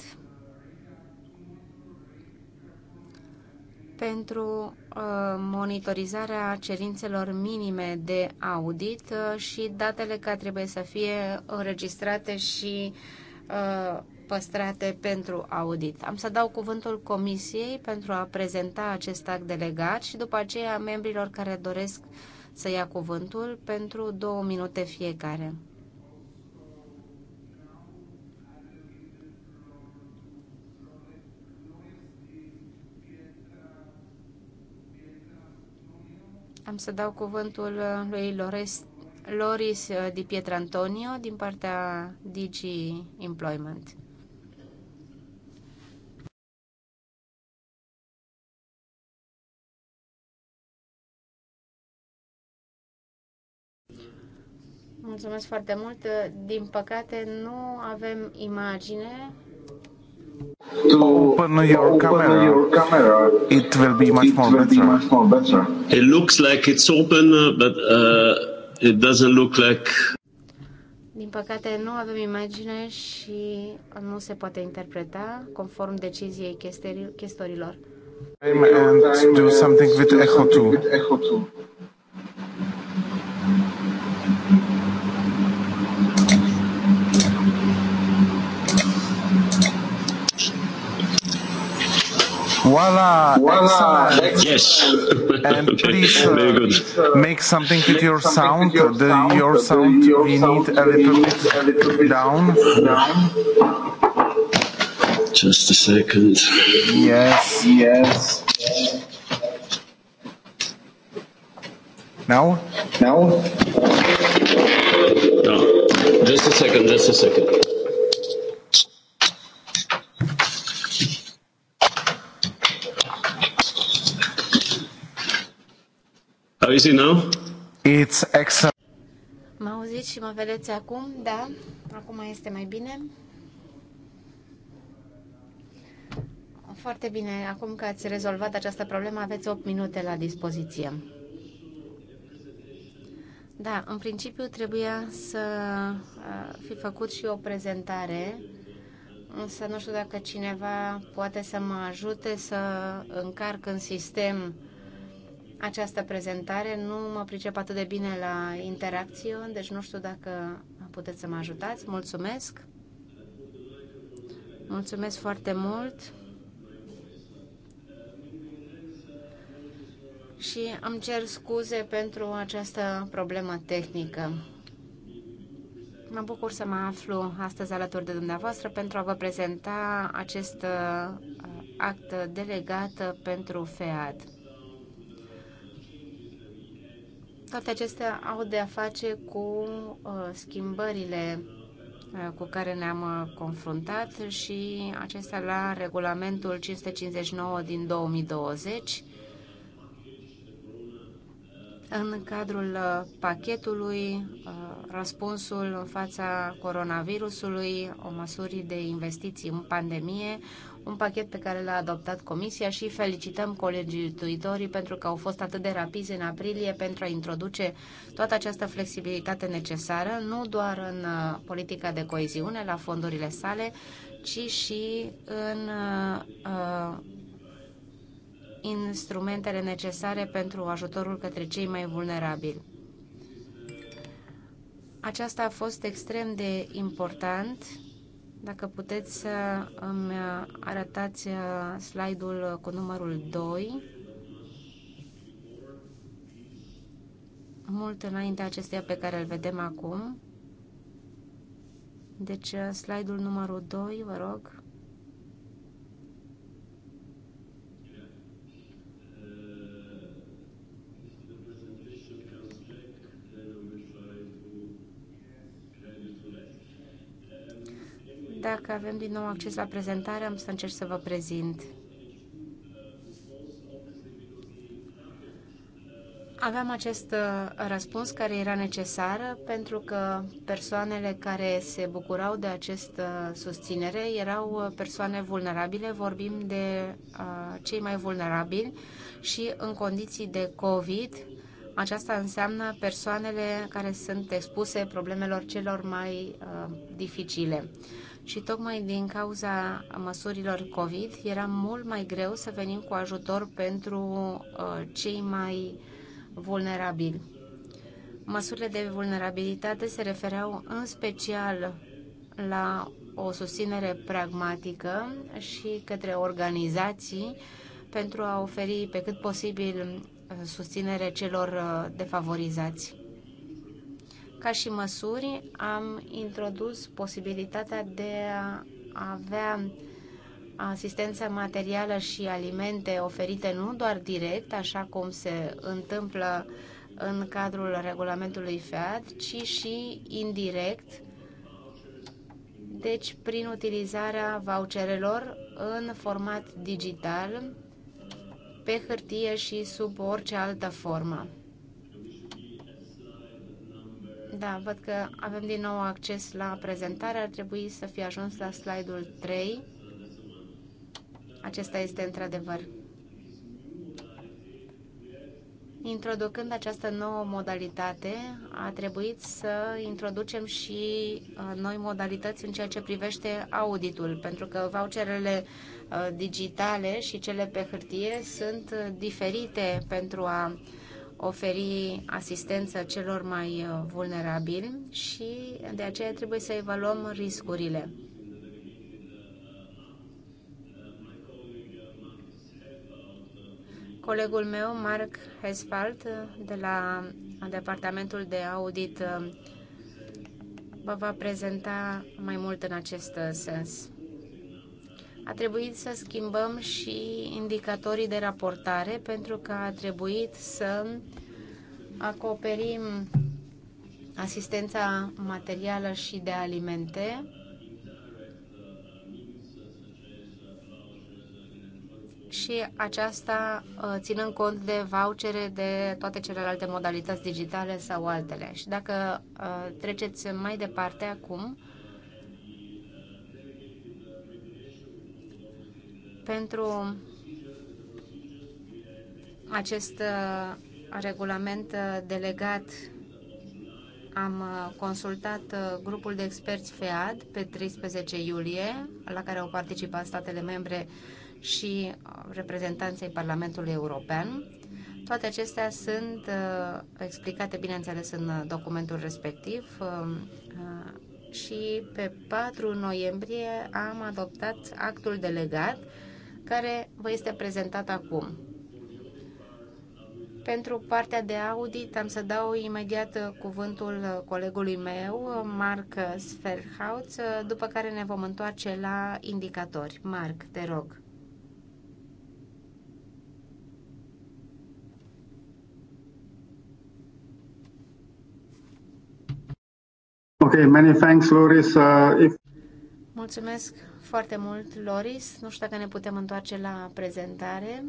pentru Uh, monitorizarea cerințelor minime de audit uh, și datele care trebuie să fie înregistrate și uh, păstrate pentru audit. Am să dau cuvântul Comisiei pentru a prezenta acest act delegat și după aceea membrilor care doresc să ia cuvântul pentru două minute fiecare. Am să dau cuvântul uh, lui Lores, Loris uh, Di Pietrantonio din partea DG Employment. Mulțumesc foarte mult. Din păcate nu avem imagine to open your, open camera, your camera, it will be much, it more, will better. Be much more better. It looks like it's open, uh, but uh, it doesn't look like. Din păcate nu avem imagine și nu se poate interpreta conform deciziei chesterilor. And do something with echo too. voila, voila excellent. yes and please uh, Very good. make something with your sound the your sound we need a little bit down down just a second yes yes now now no. just a second just a second is now? It's excellent. Mă auziți și mă vedeți acum? Da, acum este mai bine. Foarte bine, acum că ați rezolvat această problemă, aveți 8 minute la dispoziție. Da, în principiu trebuia să uh, fi făcut și o prezentare, însă nu știu dacă cineva poate să mă ajute să încarc în sistem această prezentare. Nu mă pricep atât de bine la interacție, deci nu știu dacă puteți să mă ajutați. Mulțumesc! Mulțumesc foarte mult! Și am cer scuze pentru această problemă tehnică. Mă bucur să mă aflu astăzi alături de dumneavoastră pentru a vă prezenta acest uh, act delegat pentru FEAD. Toate acestea au de a face cu uh, schimbările uh, cu care ne-am uh, confruntat și acestea la regulamentul 559 din 2020 în cadrul pachetului răspunsul în fața coronavirusului, o măsuri de investiții în pandemie, un pachet pe care l-a adoptat Comisia și felicităm colegiuitorii pentru că au fost atât de rapizi în aprilie pentru a introduce toată această flexibilitate necesară, nu doar în uh, politica de coeziune, la fondurile sale, ci și în uh, uh, instrumentele necesare pentru ajutorul către cei mai vulnerabili. Aceasta a fost extrem de important dacă puteți să îmi arătați uh, slide-ul cu numărul 2. Mult înainte acesteia pe care îl vedem acum. Deci uh, slide-ul numărul 2, vă rog. Dacă avem din nou acces la prezentare, am să încerc să vă prezint. Aveam acest uh, răspuns care era necesar pentru că persoanele care se bucurau de acest uh, susținere erau uh, persoane vulnerabile, vorbim de cei mai vulnerabili și în condiții de COVID, aceasta înseamnă persoanele care sunt expuse problemelor celor mai dificile și tocmai din cauza măsurilor COVID era mult mai greu să venim cu ajutor pentru uh, cei mai vulnerabili. Măsurile de vulnerabilitate se refereau în special la o susținere pragmatică și către organizații pentru a oferi pe cât posibil uh, susținere celor uh, defavorizați. Ca și măsuri, am introdus posibilitatea de a avea asistență materială și alimente oferite nu doar direct, așa cum se întâmplă în cadrul regulamentului FEAD, ci și indirect, deci prin utilizarea voucherelor în format digital, pe hârtie și sub orice altă formă. Da, văd că avem din nou acces la prezentare. Ar trebui să fi ajuns la slide-ul 3. Acesta este într-adevăr. Introducând această nouă modalitate, a trebuit să introducem și uh, noi modalități în ceea ce privește auditul, pentru că voucherele uh, digitale și cele pe hârtie sunt uh, diferite pentru a oferi asistență celor mai uh, vulnerabili și de aceea trebuie să evaluăm riscurile. Colegul meu, Mark Hesfalt, de la Departamentul de Audit, uh, vă va prezenta mai mult în acest uh, sens. A trebuit să schimbăm și indicatorii de raportare pentru că a trebuit să acoperim asistența materială și de alimente, și aceasta uh, ținând cont de vouchere de toate celelalte modalități digitale sau altele. Și dacă uh, treceți mai departe acum, pentru acest uh, regulament uh, delegat am uh, consultat grupul de experți FEAD pe 13 iulie, la care au participat statele membre și reprezentanții Parlamentului European. Toate acestea sunt uh, explicate, bineînțeles, în documentul respectiv uh, și pe 4 noiembrie am adoptat actul delegat uh, care vă este prezentat acum. Pentru partea de audit am să dau imediat cuvântul colegului meu, Marc Sferhaut, după care ne vom întoarce la indicatori. Marc, te rog. Okay, many thanks, Loris. Uh, if... Mulțumesc, foarte mult, Loris. Nu știu dacă ne putem întoarce la prezentare.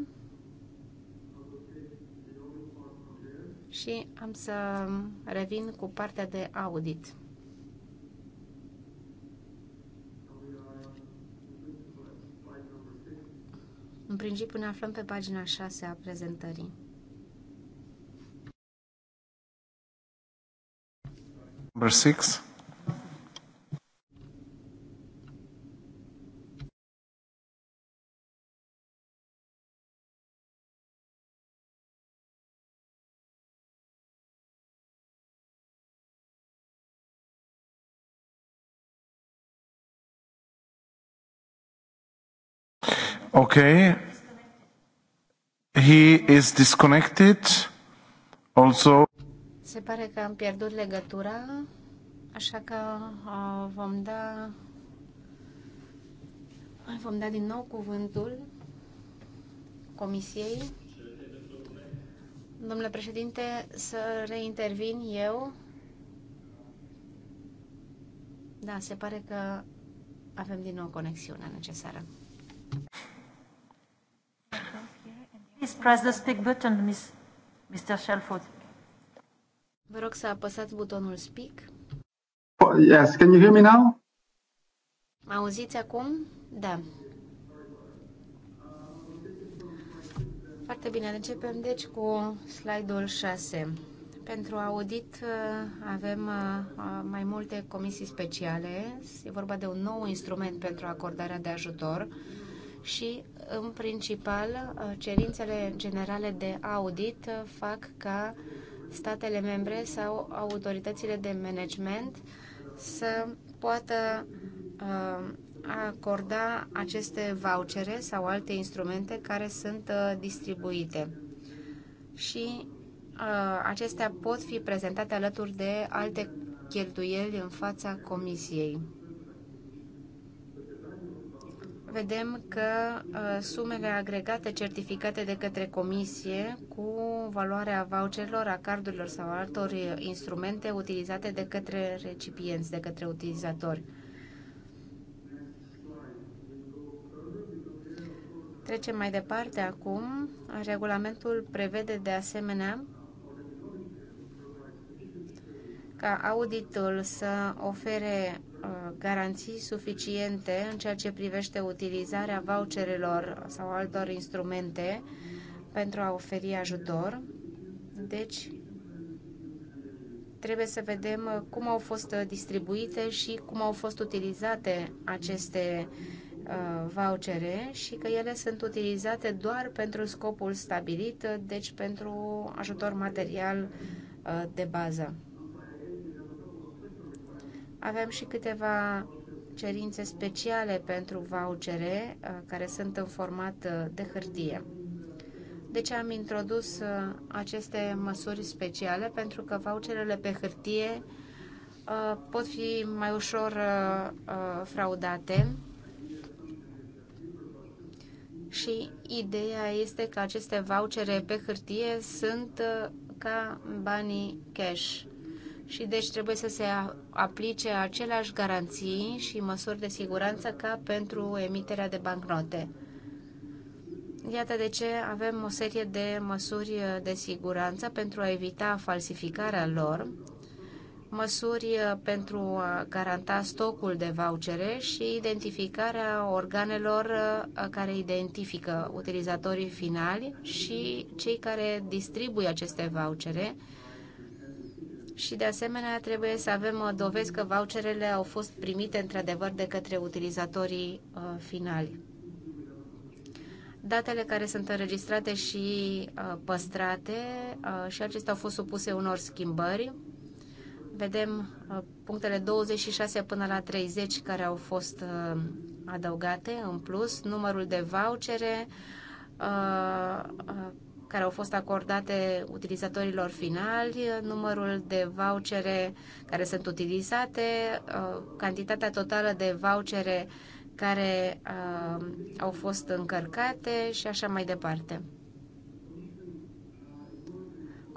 Și am să revin cu partea de audit. În principiu ne aflăm pe pagina 6 a prezentării. Number 6. Okay. He is disconnected. Also. Se pare că am pierdut legătura, așa că uh, vom da vom da din nou cuvântul comisiei. Domnule președinte, să reintervin eu. Da, se pare că avem din nou conexiunea necesară. Please press the speak button, Mr. Shelford. Vă rog să apăsați butonul speak. yes, can you hear me now? Mă auziți acum? Da. Foarte bine, începem deci cu slide-ul 6. Pentru audit uh, avem uh, uh, mai multe comisii speciale. E vorba de un nou instrument pentru acordarea de ajutor și în principal, uh, cerințele generale de audit uh, fac ca statele membre sau autoritățile de management să poată uh, acorda aceste vouchere sau alte instrumente care sunt distribuite. Și acestea pot fi prezentate alături de alte cheltuieli în fața comisiei vedem că uh, sumele agregate certificate de către comisie cu valoarea voucherilor, a cardurilor sau altor uh, instrumente utilizate de către recipienți, de către utilizatori. Trecem mai departe acum. Regulamentul prevede de asemenea ca auditul să ofere uh, garanții suficiente în ceea ce privește utilizarea voucherelor sau altor instrumente pentru a oferi ajutor. Deci, trebuie să vedem uh, cum au fost uh, distribuite și cum au fost utilizate aceste vouchere și că ele sunt utilizate doar pentru scopul stabilit, deci pentru ajutor material de bază. Avem și câteva cerințe speciale pentru vouchere uh, care sunt în format uh, de hârtie. Deci am introdus uh, aceste măsuri speciale pentru că voucherele pe hârtie pot fi mai ușor fraudate și ideea este că aceste vouchere pe hârtie sunt ca banii cash și deci trebuie să se aplice aceleași garanții și măsuri de siguranță ca pentru emiterea de bancnote. Iată de ce avem o serie de măsuri uh, de siguranță pentru a evita falsificarea lor, măsuri uh, pentru a garanta stocul de vouchere și identificarea organelor uh, care identifică utilizatorii finali și cei care distribuie aceste vouchere, și de asemenea trebuie să avem uh, dovezi că voucherele au fost primite într-adevăr de către utilizatorii uh, finali. Datele care sunt înregistrate și uh, păstrate și acestea au fost supuse unor schimbări. Vedem punctele 26 până la 30 care au fost adăugate în plus, numărul de vouchere, care au fost acordate utilizatorilor finali, numărul de vouchere care sunt utilizate, uh, cantitatea totală de vouchere care uh, au fost încărcate și așa mai departe.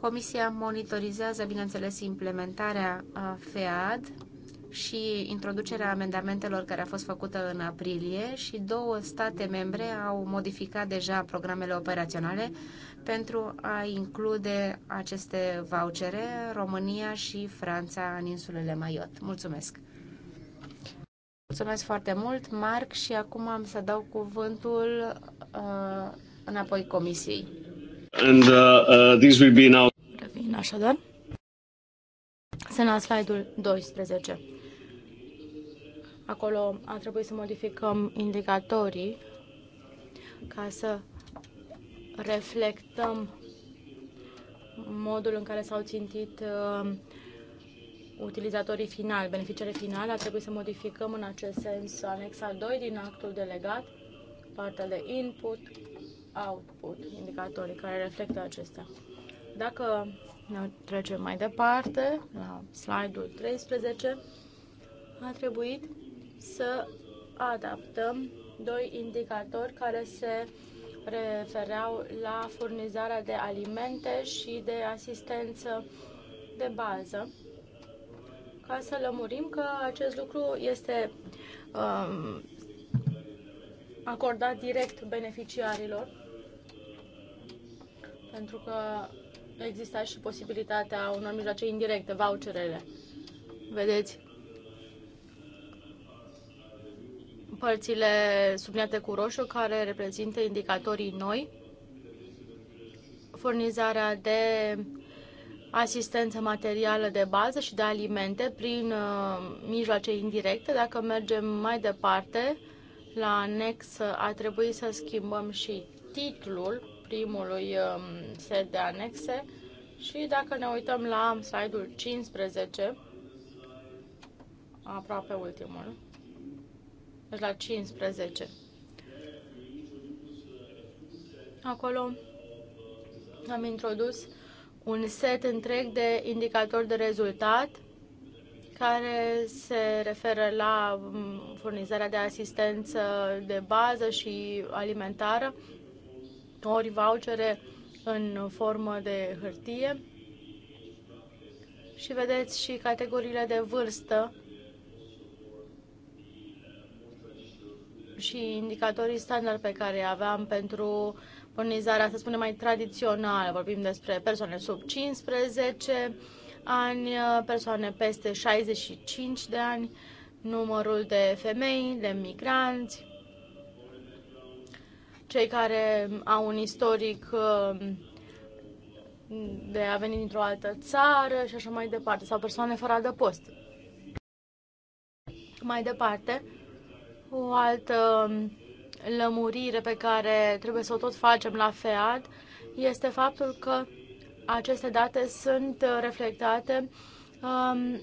Comisia monitorizează, bineînțeles, implementarea uh, FEAD și introducerea amendamentelor care a fost făcută în aprilie și două state membre au modificat deja programele operaționale pentru a include aceste vouchere România și Franța în insulele Maiot. Mulțumesc! Mulțumesc foarte mult, Marc, și acum am să dau cuvântul uh, înapoi comisiei. And, uh, uh, this will be now... Revin așadar. Sunt la slide-ul 12. Acolo a trebuit să modificăm indicatorii ca să reflectăm modul în care s-au țintit uh, utilizatorii finali, beneficiarii finali, a trebuit să modificăm în acest sens anexa 2 din actul delegat, partea de input, output, indicatorii care reflectă acestea. Dacă ne trecem mai departe, la slide-ul 13, a trebuit să adaptăm doi indicatori care se refereau la furnizarea de alimente și de asistență de bază. Ca să lămurim că acest lucru este um, acordat direct beneficiarilor, pentru că exista și posibilitatea unor mijloace indirecte, voucherele. Vedeți, părțile subliniate cu roșu, care reprezintă indicatorii noi, furnizarea de asistență materială de bază și de alimente prin uh, mijloace indirecte. Dacă mergem mai departe, la anex a trebuit să schimbăm și titlul primului um, set de anexe și dacă ne uităm la slide-ul 15, aproape ultimul, deci la 15. Acolo am introdus un set întreg de indicatori de rezultat care se referă la mm, furnizarea de asistență de bază și alimentară, ori vouchere în formă de hârtie. Și vedeți și categoriile de vârstă și indicatorii standard pe care aveam pentru furnizarea, să spunem, mai tradițională. Vorbim despre persoane sub 15 ani, persoane peste 65 de ani, numărul de femei, de migranți, cei care au un istoric de a veni dintr-o altă țară și așa mai departe, sau persoane fără adăpost. Mai departe, o altă um, lămurire pe care trebuie să o tot facem la FEAD este faptul că aceste date sunt uh, reflectate um,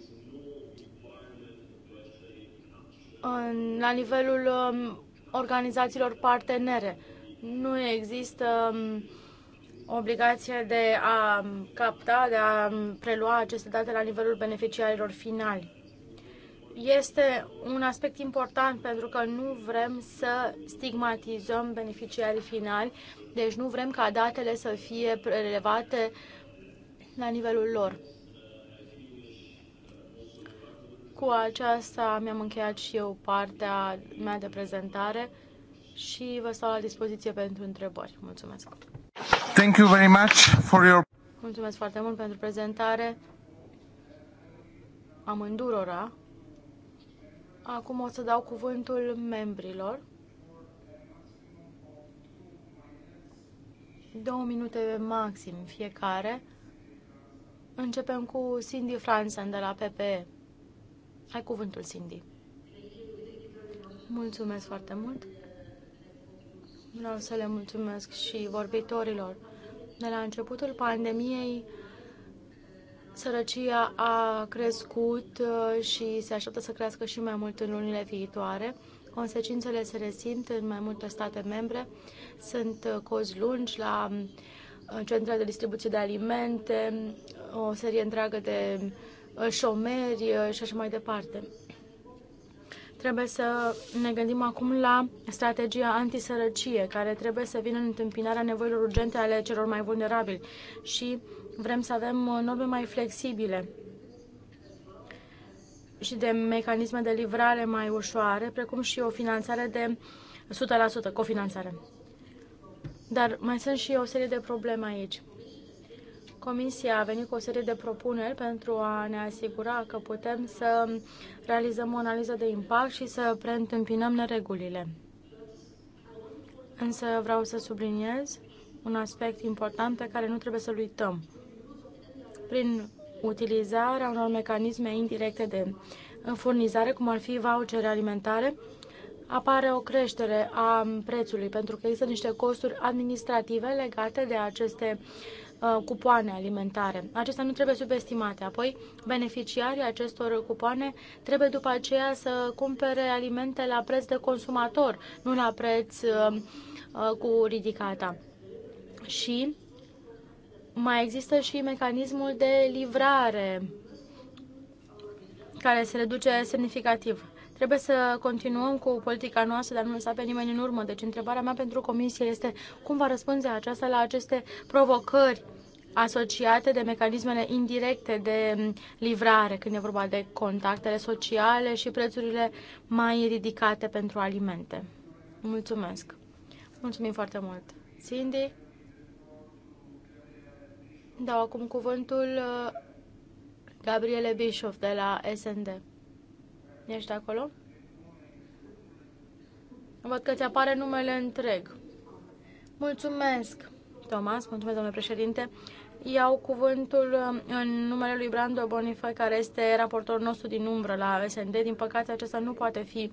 în, la nivelul um, organizațiilor partenere. Nu există um, obligația de a um, capta, de a um, prelua aceste date la nivelul beneficiarilor finali este un aspect important pentru că nu vrem să stigmatizăm beneficiarii finali, deci nu vrem ca datele să fie prelevate la nivelul lor. Cu aceasta mi-am încheiat și eu partea mea de prezentare și vă stau la dispoziție pentru întrebări. Mulțumesc! Thank you very much for your... Mulțumesc foarte mult pentru prezentare Am îndurora. Acum o să dau cuvântul membrilor. Două minute maxim fiecare. Începem cu Cindy Fransen de la PPE. Ai cuvântul, Cindy. Mulțumesc foarte mult. Vreau să le mulțumesc și vorbitorilor. De la începutul pandemiei, Sărăcia a crescut uh, și se așteaptă să crească și mai mult în lunile viitoare. Consecințele se resimt în mai multe state membre. Sunt uh, cozi lungi la uh, centra de distribuție de alimente, o serie întreagă de șomeri și așa mai departe. Trebuie să ne gândim acum la strategia antisărăcie, care trebuie să vină în întâmpinarea nevoilor urgente ale celor mai vulnerabili și Vrem să avem uh, norme mai flexibile și de mecanisme de livrare mai ușoare, precum și o finanțare de 100%, cofinanțare. Dar mai sunt și o serie de probleme aici. Comisia a venit cu o serie de propuneri pentru a ne asigura că putem să realizăm o analiză de impact și să preîntâmpinăm neregulile. Însă vreau să subliniez un aspect important pe care nu trebuie să-l uităm prin utilizarea unor mecanisme indirecte de furnizare, cum ar fi vouchere alimentare, apare o creștere a prețului, pentru că există niște costuri administrative legate de aceste uh, cupoane alimentare. Acestea nu trebuie subestimate. Apoi, beneficiarii acestor cupoane trebuie după aceea să cumpere alimente la preț de consumator, nu la preț uh, uh, cu ridicata. Și mai există și mecanismul de livrare care se reduce semnificativ. Trebuie să continuăm cu politica noastră, dar nu lăsa pe nimeni în urmă. Deci întrebarea mea pentru Comisie este cum va răspunde aceasta la aceste provocări asociate de mecanismele indirecte de livrare, când e vorba de contactele sociale și prețurile mai ridicate pentru alimente. Mulțumesc! Mulțumim foarte mult, Cindy! Dau acum cuvântul uh, Gabriele Bischoff de la SND. Ești acolo? Văd că ți apare numele întreg. Mulțumesc, Thomas, mulțumesc, domnule președinte. Iau cuvântul uh, în numele lui Brando Bonifay, care este raportorul nostru din umbră la SND. Din păcate, acesta nu poate fi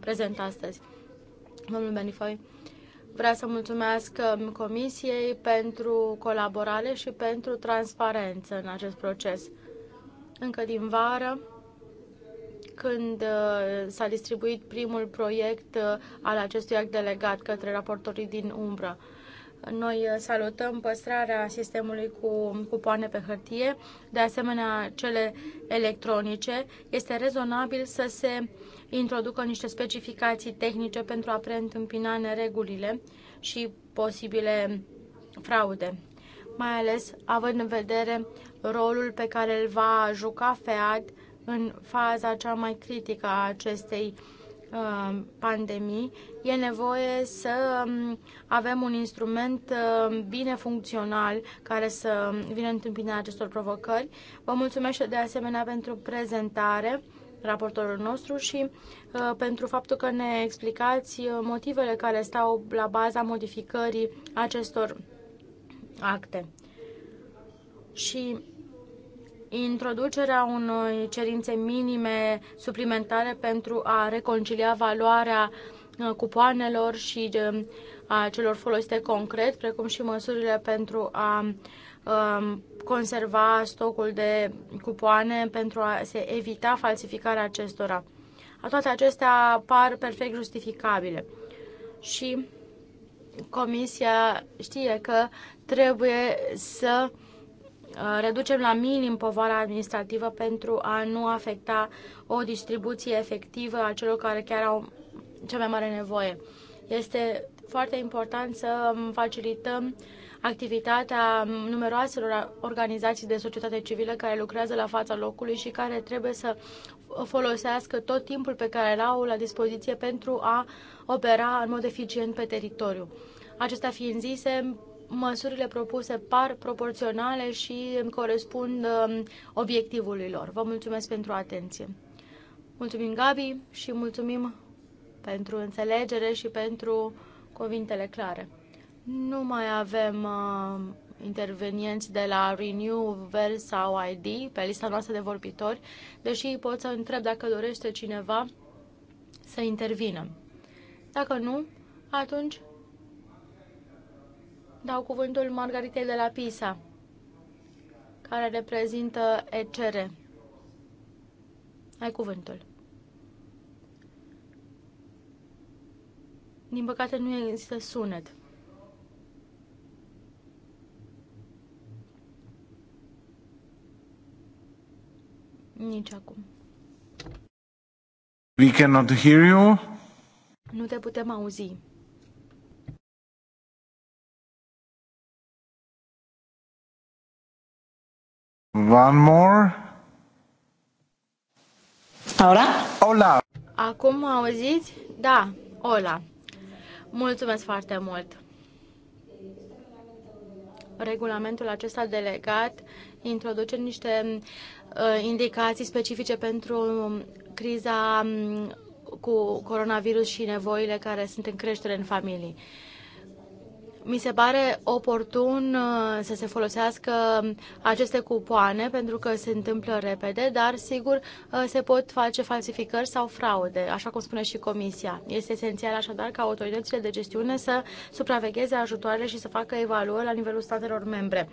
prezent astăzi. Domnul Bonifay vrea să mulțumesc Comisiei pentru colaborare și pentru transparență în acest proces. Încă din vară, când uh, s-a distribuit primul proiect uh, al acestui act delegat către raportorii din umbră. Noi uh, salutăm păstrarea sistemului cu cupoane pe hârtie, de asemenea cele electronice. Este rezonabil să se introducă niște specificații tehnice pentru a preîntâmpina neregulile și posibile fraude, mai ales având în vedere rolul pe care îl va juca FEAD în faza cea mai critică a acestei Uh, pandemii, e nevoie să um, avem un instrument uh, bine funcțional care să um, vină întâmpinarea acestor provocări. Vă mulțumesc de asemenea pentru prezentare raportorul nostru și uh, pentru faptul că ne explicați uh, motivele care stau la baza modificării acestor acte. Și introducerea unei cerințe minime suplimentare pentru a reconcilia valoarea uh, cupoanelor și a celor folosite concret, precum și măsurile pentru a um, conserva stocul de cupoane pentru a se evita falsificarea acestora. Toate acestea par perfect justificabile. Și Comisia știe că trebuie să uh, Uh, reducem la minim povara administrativă pentru a nu afecta o distribuție efectivă a celor care chiar au cea mai mare nevoie. Este foarte important să facilităm activitatea numeroaselor organizații de societate civilă care lucrează la fața locului și care trebuie să folosească tot timpul pe care îl au la dispoziție pentru a opera în mod eficient pe teritoriu. Acestea fiind zise, măsurile propuse par proporționale și corespund um, obiectivului lor. Vă mulțumesc pentru atenție. Mulțumim, Gabi, și mulțumim pentru înțelegere și pentru cuvintele clare. Nu mai avem uh, intervenienți de la Renew, Vers sau ID pe lista noastră de vorbitori, deși pot să întreb dacă dorește cineva să intervină. Dacă nu, atunci dau cuvântul Margaritei de la Pisa, care reprezintă ECR. Ai cuvântul. Din păcate nu există sunet. Nici acum. We cannot hear you. Nu te putem auzi. One more. Hola. Hola. Acum mă auziți? Da, Hola. Mulțumesc foarte mult. Regulamentul acesta delegat introduce niște uh, indicații specifice pentru um, criza um, cu coronavirus și nevoile care sunt în creștere în familii. Uh, mi se pare oportun uh, să se folosească aceste cupoane pentru că se întâmplă repede, dar sigur uh, se pot face falsificări sau fraude, așa cum spune și Comisia. Este esențial așadar ca autoritățile de gestiune să supravegheze ajutoarele și să facă evaluări la nivelul statelor membre.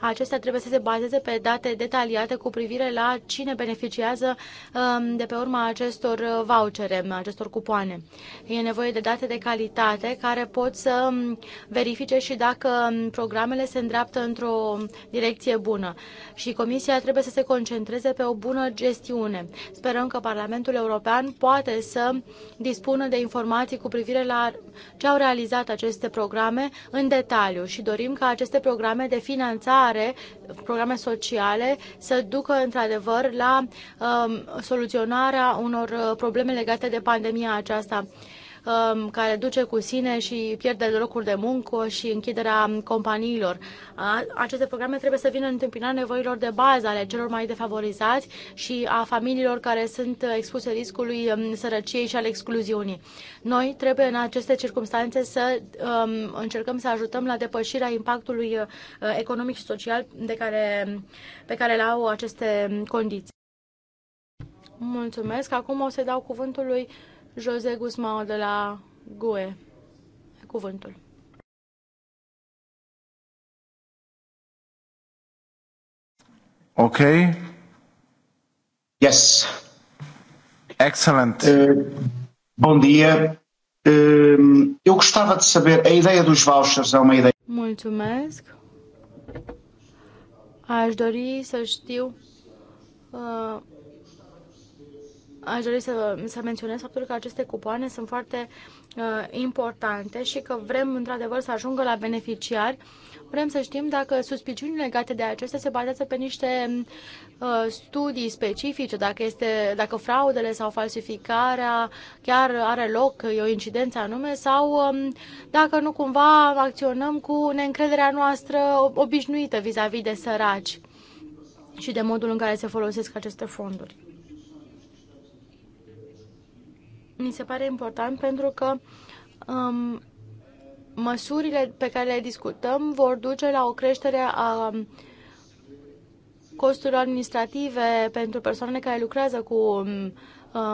Acestea trebuie să se bazeze pe date detaliate cu privire la cine beneficiază um, de pe urma acestor uh, vouchere, acestor cupoane. E nevoie de date de calitate care pot să verifice um, verifice și dacă um, programele se îndreaptă într-o direcție bună. Și Comisia trebuie să se concentreze pe o bună gestiune. Sperăm că Parlamentul European poate să dispună de informații cu privire la ce au realizat aceste programe în detaliu și dorim ca aceste programe de finanțare, programe sociale, să ducă într-adevăr la um, soluționarea unor uh, probleme legate de pandemia aceasta. Um, care duce cu sine și pierde de locuri de muncă și închiderea companiilor. Aceste programe trebuie să vină în întâmpinarea nevoilor de bază ale celor mai defavorizați și a familiilor care sunt expuse riscului um, sărăciei și al excluziunii. Noi trebuie în aceste circunstanțe să um, încercăm să ajutăm la depășirea impactului uh, economic și social de care, pe care le au aceste condiții. Mulțumesc. Acum o să dau cuvântul lui Jose Guzmão de la GUE. Cuvântul. Okay. Yes. Excellent. Uh, bom dia. Uh, eu gostava de saber, a ideia dos vouchers é uma ideia. Mulțumesc. Aș dori să știu uh, Aș dori să, să menționez faptul că aceste cupoane sunt foarte uh, importante și că vrem într-adevăr să ajungă la beneficiari. Vrem să știm dacă suspiciunile legate de acestea se bazează pe niște uh, studii specifice, dacă, este, dacă fraudele sau falsificarea chiar are loc, e o incidență anume, sau um, dacă nu cumva acționăm cu neîncrederea noastră obișnuită vis-a-vis -vis de săraci și de modul în care se folosesc aceste fonduri. mi se pare important pentru că um, măsurile pe care le discutăm vor duce la o creștere a costurilor administrative pentru persoanele care lucrează cu um,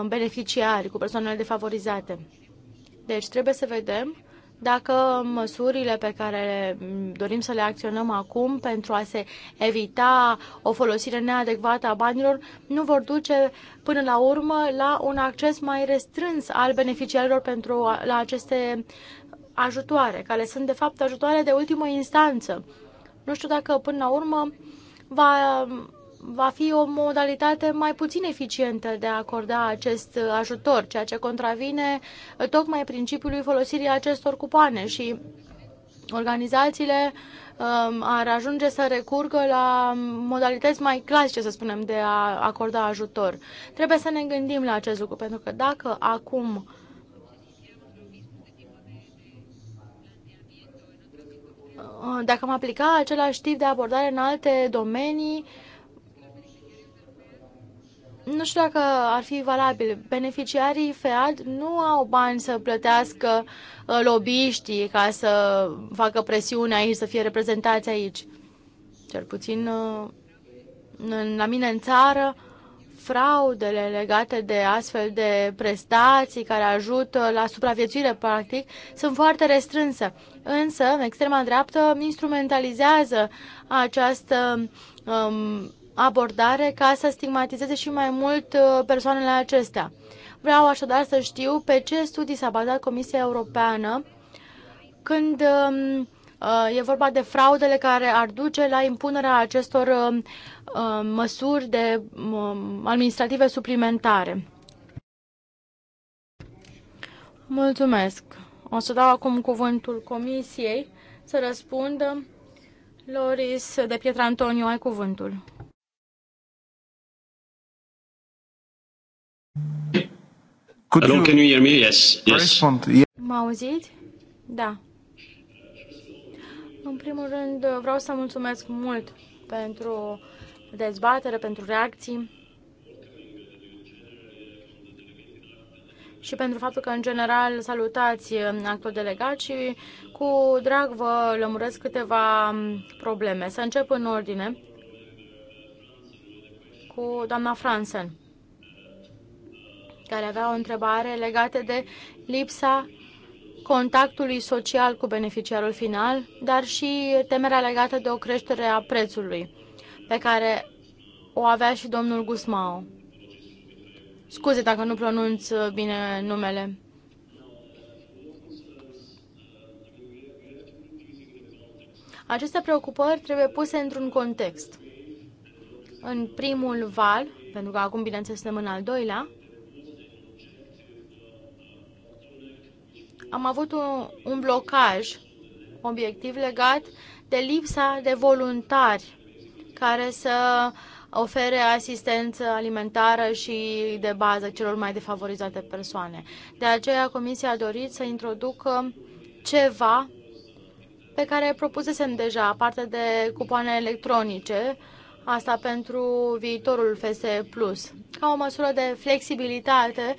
beneficiari, cu persoanele defavorizate. Deci trebuie să vedem dacă măsurile pe care dorim să le acționăm acum pentru a se evita o folosire neadecvată a banilor nu vor duce până la urmă la un acces mai restrâns al beneficiarilor pentru la aceste ajutoare, care sunt de fapt ajutoare de ultimă instanță. Nu știu dacă până la urmă va va fi o modalitate mai puțin eficientă de a acorda acest ajutor, ceea ce contravine tocmai principiului folosirii acestor cupoane și organizațiile um, ar ajunge să recurgă la modalități mai clasice, să spunem, de a acorda ajutor. Trebuie să ne gândim la acest lucru, pentru că dacă acum dacă am aplica același tip de abordare în alte domenii, uh, nu știu dacă ar fi valabil. Beneficiarii FEAD nu au bani să plătească uh, lobiștii ca să facă presiune aici, să fie reprezentați aici. Cel puțin uh, la mine în țară, fraudele legate de astfel de prestații care ajută la supraviețuire, practic, sunt foarte restrânse. Însă, extrema dreaptă instrumentalizează această um, abordare ca să stigmatizeze și mai mult uh, persoanele acestea. Vreau așadar să știu pe ce studii s-a bazat Comisia Europeană când um, uh, e vorba de fraudele care ar duce la impunerea acestor um, uh, măsuri de um, administrative suplimentare. Mulțumesc. O să dau acum cuvântul Comisiei să răspundă. Loris de Pietra Antonio, ai cuvântul. Could Hello, you can you hear me? Yes. yes. Respond. Mă auziți? Da. În primul rând, vreau să mulțumesc mult pentru dezbatere, pentru reacții și pentru faptul că, în general, salutați actul delegat și cu drag vă lămuresc câteva probleme. Să încep în ordine cu doamna Fransen care avea o întrebare legată de lipsa contactului social cu beneficiarul final, dar și temerea legată de o creștere a prețului, pe care o avea și domnul Gusmao. Scuze dacă nu pronunț uh, bine numele. Aceste preocupări trebuie puse într-un context. În primul val, pentru că acum, bineînțeles, suntem în al doilea, am avut un, un blocaj, obiectiv legat de lipsa de voluntari care să ofere asistență alimentară și de bază celor mai defavorizate persoane. De aceea, Comisia a dorit să introducă ceva pe care propusesem deja, parte de cupoane electronice, asta pentru viitorul FSE+, ca o măsură de flexibilitate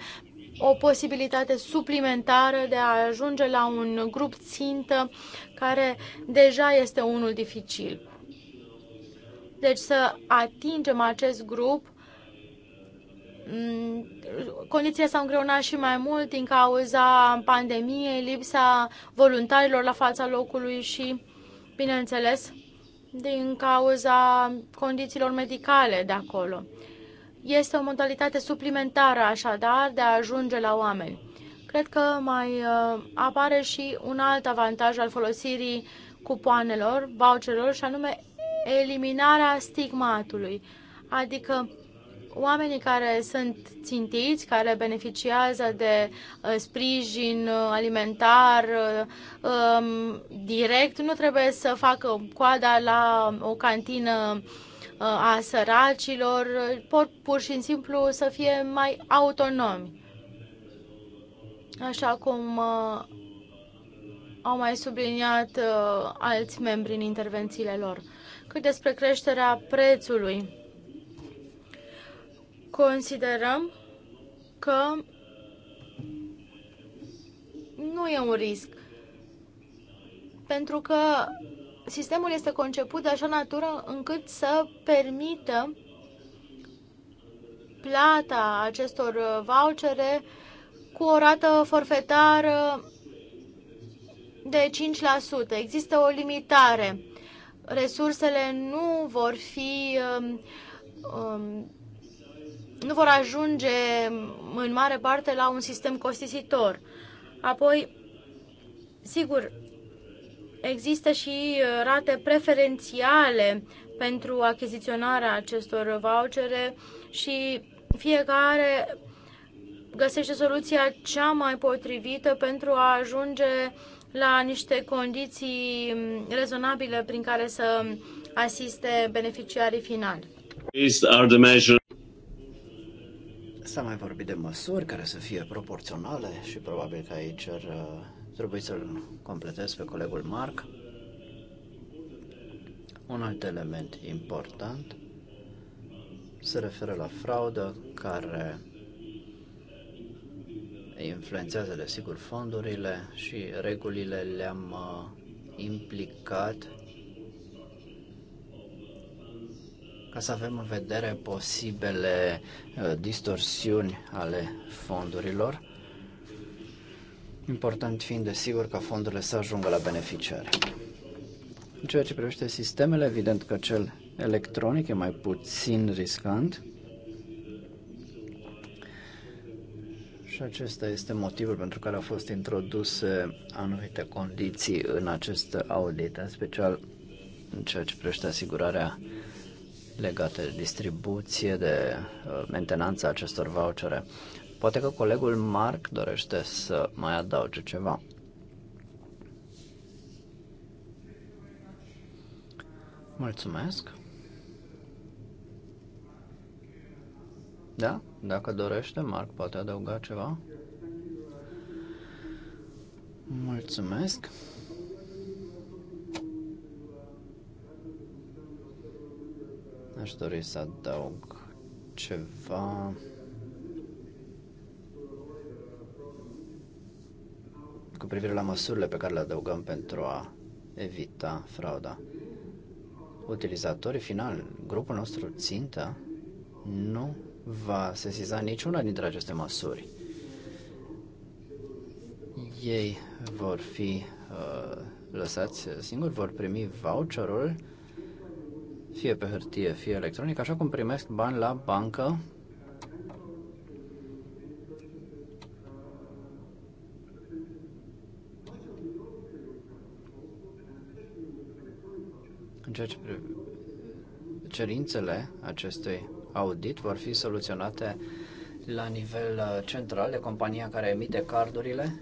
o posibilitate suplimentară de a ajunge la un grup țintă care deja este unul dificil. Deci să atingem acest grup mm, condițiile s-au îngreunat și mai mult din cauza pandemiei, lipsa voluntarilor la fața locului și, bineînțeles, din cauza condițiilor medicale de acolo. Este o modalitate suplimentară, așadar, de a ajunge la oameni. Cred că mai uh, apare și un alt avantaj al folosirii cupoanelor, voucherelor, și anume eliminarea stigmatului. Adică oamenii care sunt țintiți, care beneficiază de uh, sprijin uh, alimentar um, direct, nu trebuie să facă coada la o cantină Uh, a săracilor, uh, pot pur și simplu să fie mai autonomi. Așa cum uh, au mai subliniat alți membri în intervențiile lor. Cât despre creșterea prețului, considerăm că nu e un risc. Pentru că sistemul este conceput de așa natură încât să permită plata acestor uh, vouchere cu o rată forfetară de 5%. Există o limitare. Resursele nu vor fi um, um, nu vor ajunge în mare parte la un sistem costisitor. Apoi, sigur, există și uh, rate preferențiale pentru achiziționarea acestor vouchere și fiecare găsește soluția cea mai potrivită pentru a ajunge la niște condiții mm, rezonabile prin care să asiste beneficiarii finali. S-a mai vorbit de măsuri care să fie proporționale și probabil că aici ar uh, Trebuie să-l completez pe colegul Marc. Un alt element important se referă la fraudă care influențează desigur fondurile și regulile le-am uh, implicat ca să avem în vedere posibile uh, distorsiuni ale fondurilor important fiind desigur ca fondurile să ajungă la beneficiari. În ceea ce privește sistemele, evident că cel electronic e mai puțin riscant și acesta este motivul pentru care au fost introduse anumite condiții în acest audit, în special în ceea ce privește asigurarea legată de distribuție, de uh, mentenanța acestor vouchere. Poate că colegul Marc dorește să mai adauge ceva. Mulțumesc. Da? Dacă dorește, Marc poate adăuga ceva. Mulțumesc. Aș dori să adaug ceva. privire la măsurile pe care le adăugăm pentru a evita frauda. Utilizatorii final, grupul nostru țintă, nu va sesiza niciuna dintre aceste măsuri. Ei vor fi uh, lăsați singuri, vor primi voucherul, fie pe hârtie, fie electronic, așa cum primesc bani la bancă ceea ce cerințele acestui audit vor fi soluționate la nivel uh, central de compania care emite cardurile,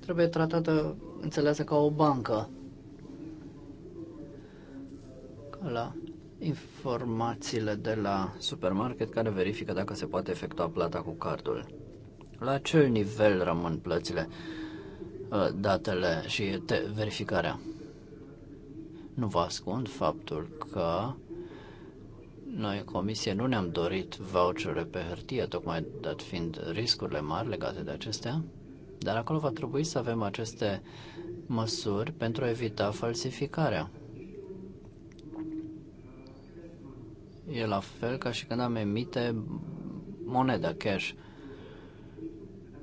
trebuie tratată, înțeleasă ca o bancă. Ca la informațiile de la supermarket care verifică dacă se poate efectua plata cu cardul. La acel nivel rămân plățile, uh, datele și verificarea. Nu vă ascund faptul că noi, Comisie, nu ne-am dorit vouchere pe hârtie, tocmai dat fiind riscurile mari legate de acestea, dar acolo va trebui să avem aceste măsuri pentru a evita falsificarea. E la fel ca și când am emite moneda cash.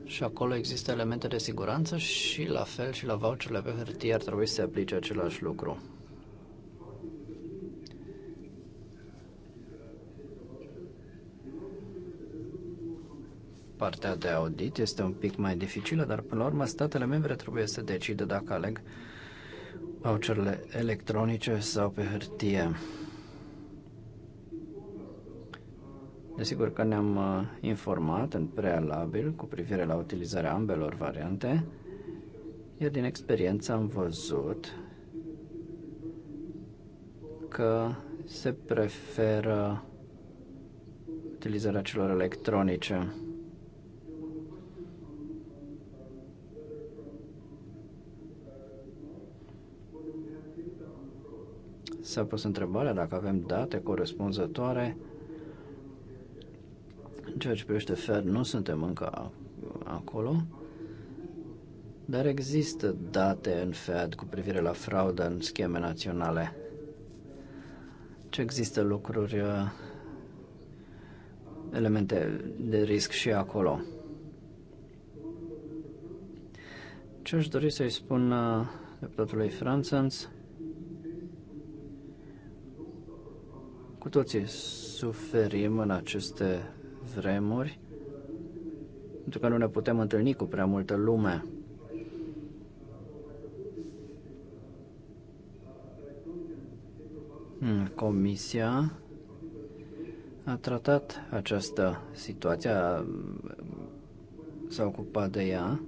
Și acolo există elemente de siguranță și la fel și la voucherele pe hârtie ar trebui să se aplice același lucru. Partea de audit este un pic mai dificilă, dar până la urmă statele membre trebuie să decidă dacă aleg voucherele electronice sau pe hârtie. Desigur că ne-am uh, informat în prealabil cu privire la utilizarea ambelor variante, iar din experiență am văzut că se preferă utilizarea celor electronice. S-a pus întrebarea dacă avem date corespunzătoare. În ceea ce privește FED, nu suntem încă acolo, dar există date în FED cu privire la fraudă în scheme naționale. Ce există lucruri, uh, elemente de risc și acolo. Ce aș dori să-i spun uh, deputatului Franțens Cu toții suferim în aceste vremuri pentru că nu ne putem întâlni cu prea multă lume. Hmm, comisia a tratat această situație, s-a ocupat de ea.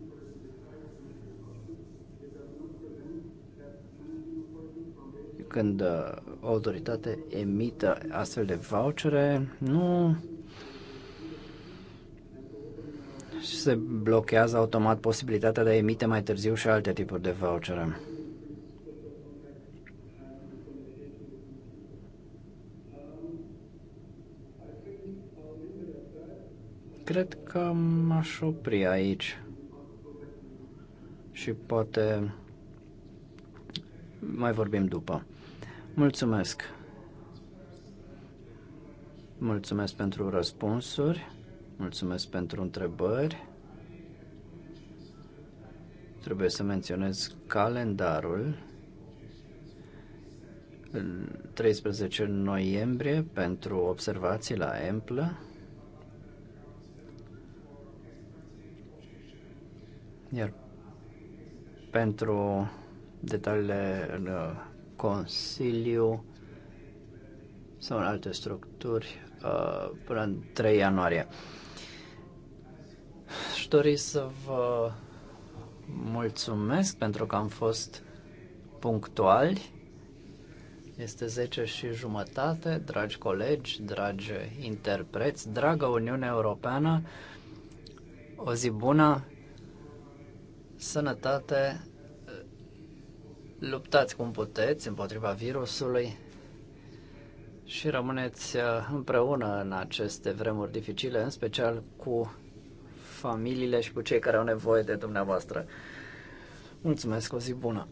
când o uh, autoritate emită astfel de vouchere, nu se blochează automat posibilitatea de a emite mai târziu și alte tipuri de vouchere. Cred că m-aș opri aici și poate mai vorbim după. Mulțumesc. Mulțumesc pentru răspunsuri. Mulțumesc pentru întrebări. Trebuie să menționez calendarul. 13 noiembrie pentru observații la Emplă. Iar pentru detaliile uh, Consiliu sau în alte structuri uh, până în 3 ianuarie. Aș dori să vă mulțumesc pentru că am fost punctuali. Este 10 și jumătate, dragi colegi, dragi interpreți, dragă Uniune Europeană, o zi bună, sănătate, luptați cum puteți împotriva virusului și rămâneți uh, împreună în aceste vremuri dificile, în special cu familiile și cu cei care au nevoie de dumneavoastră. Mulțumesc, o zi bună!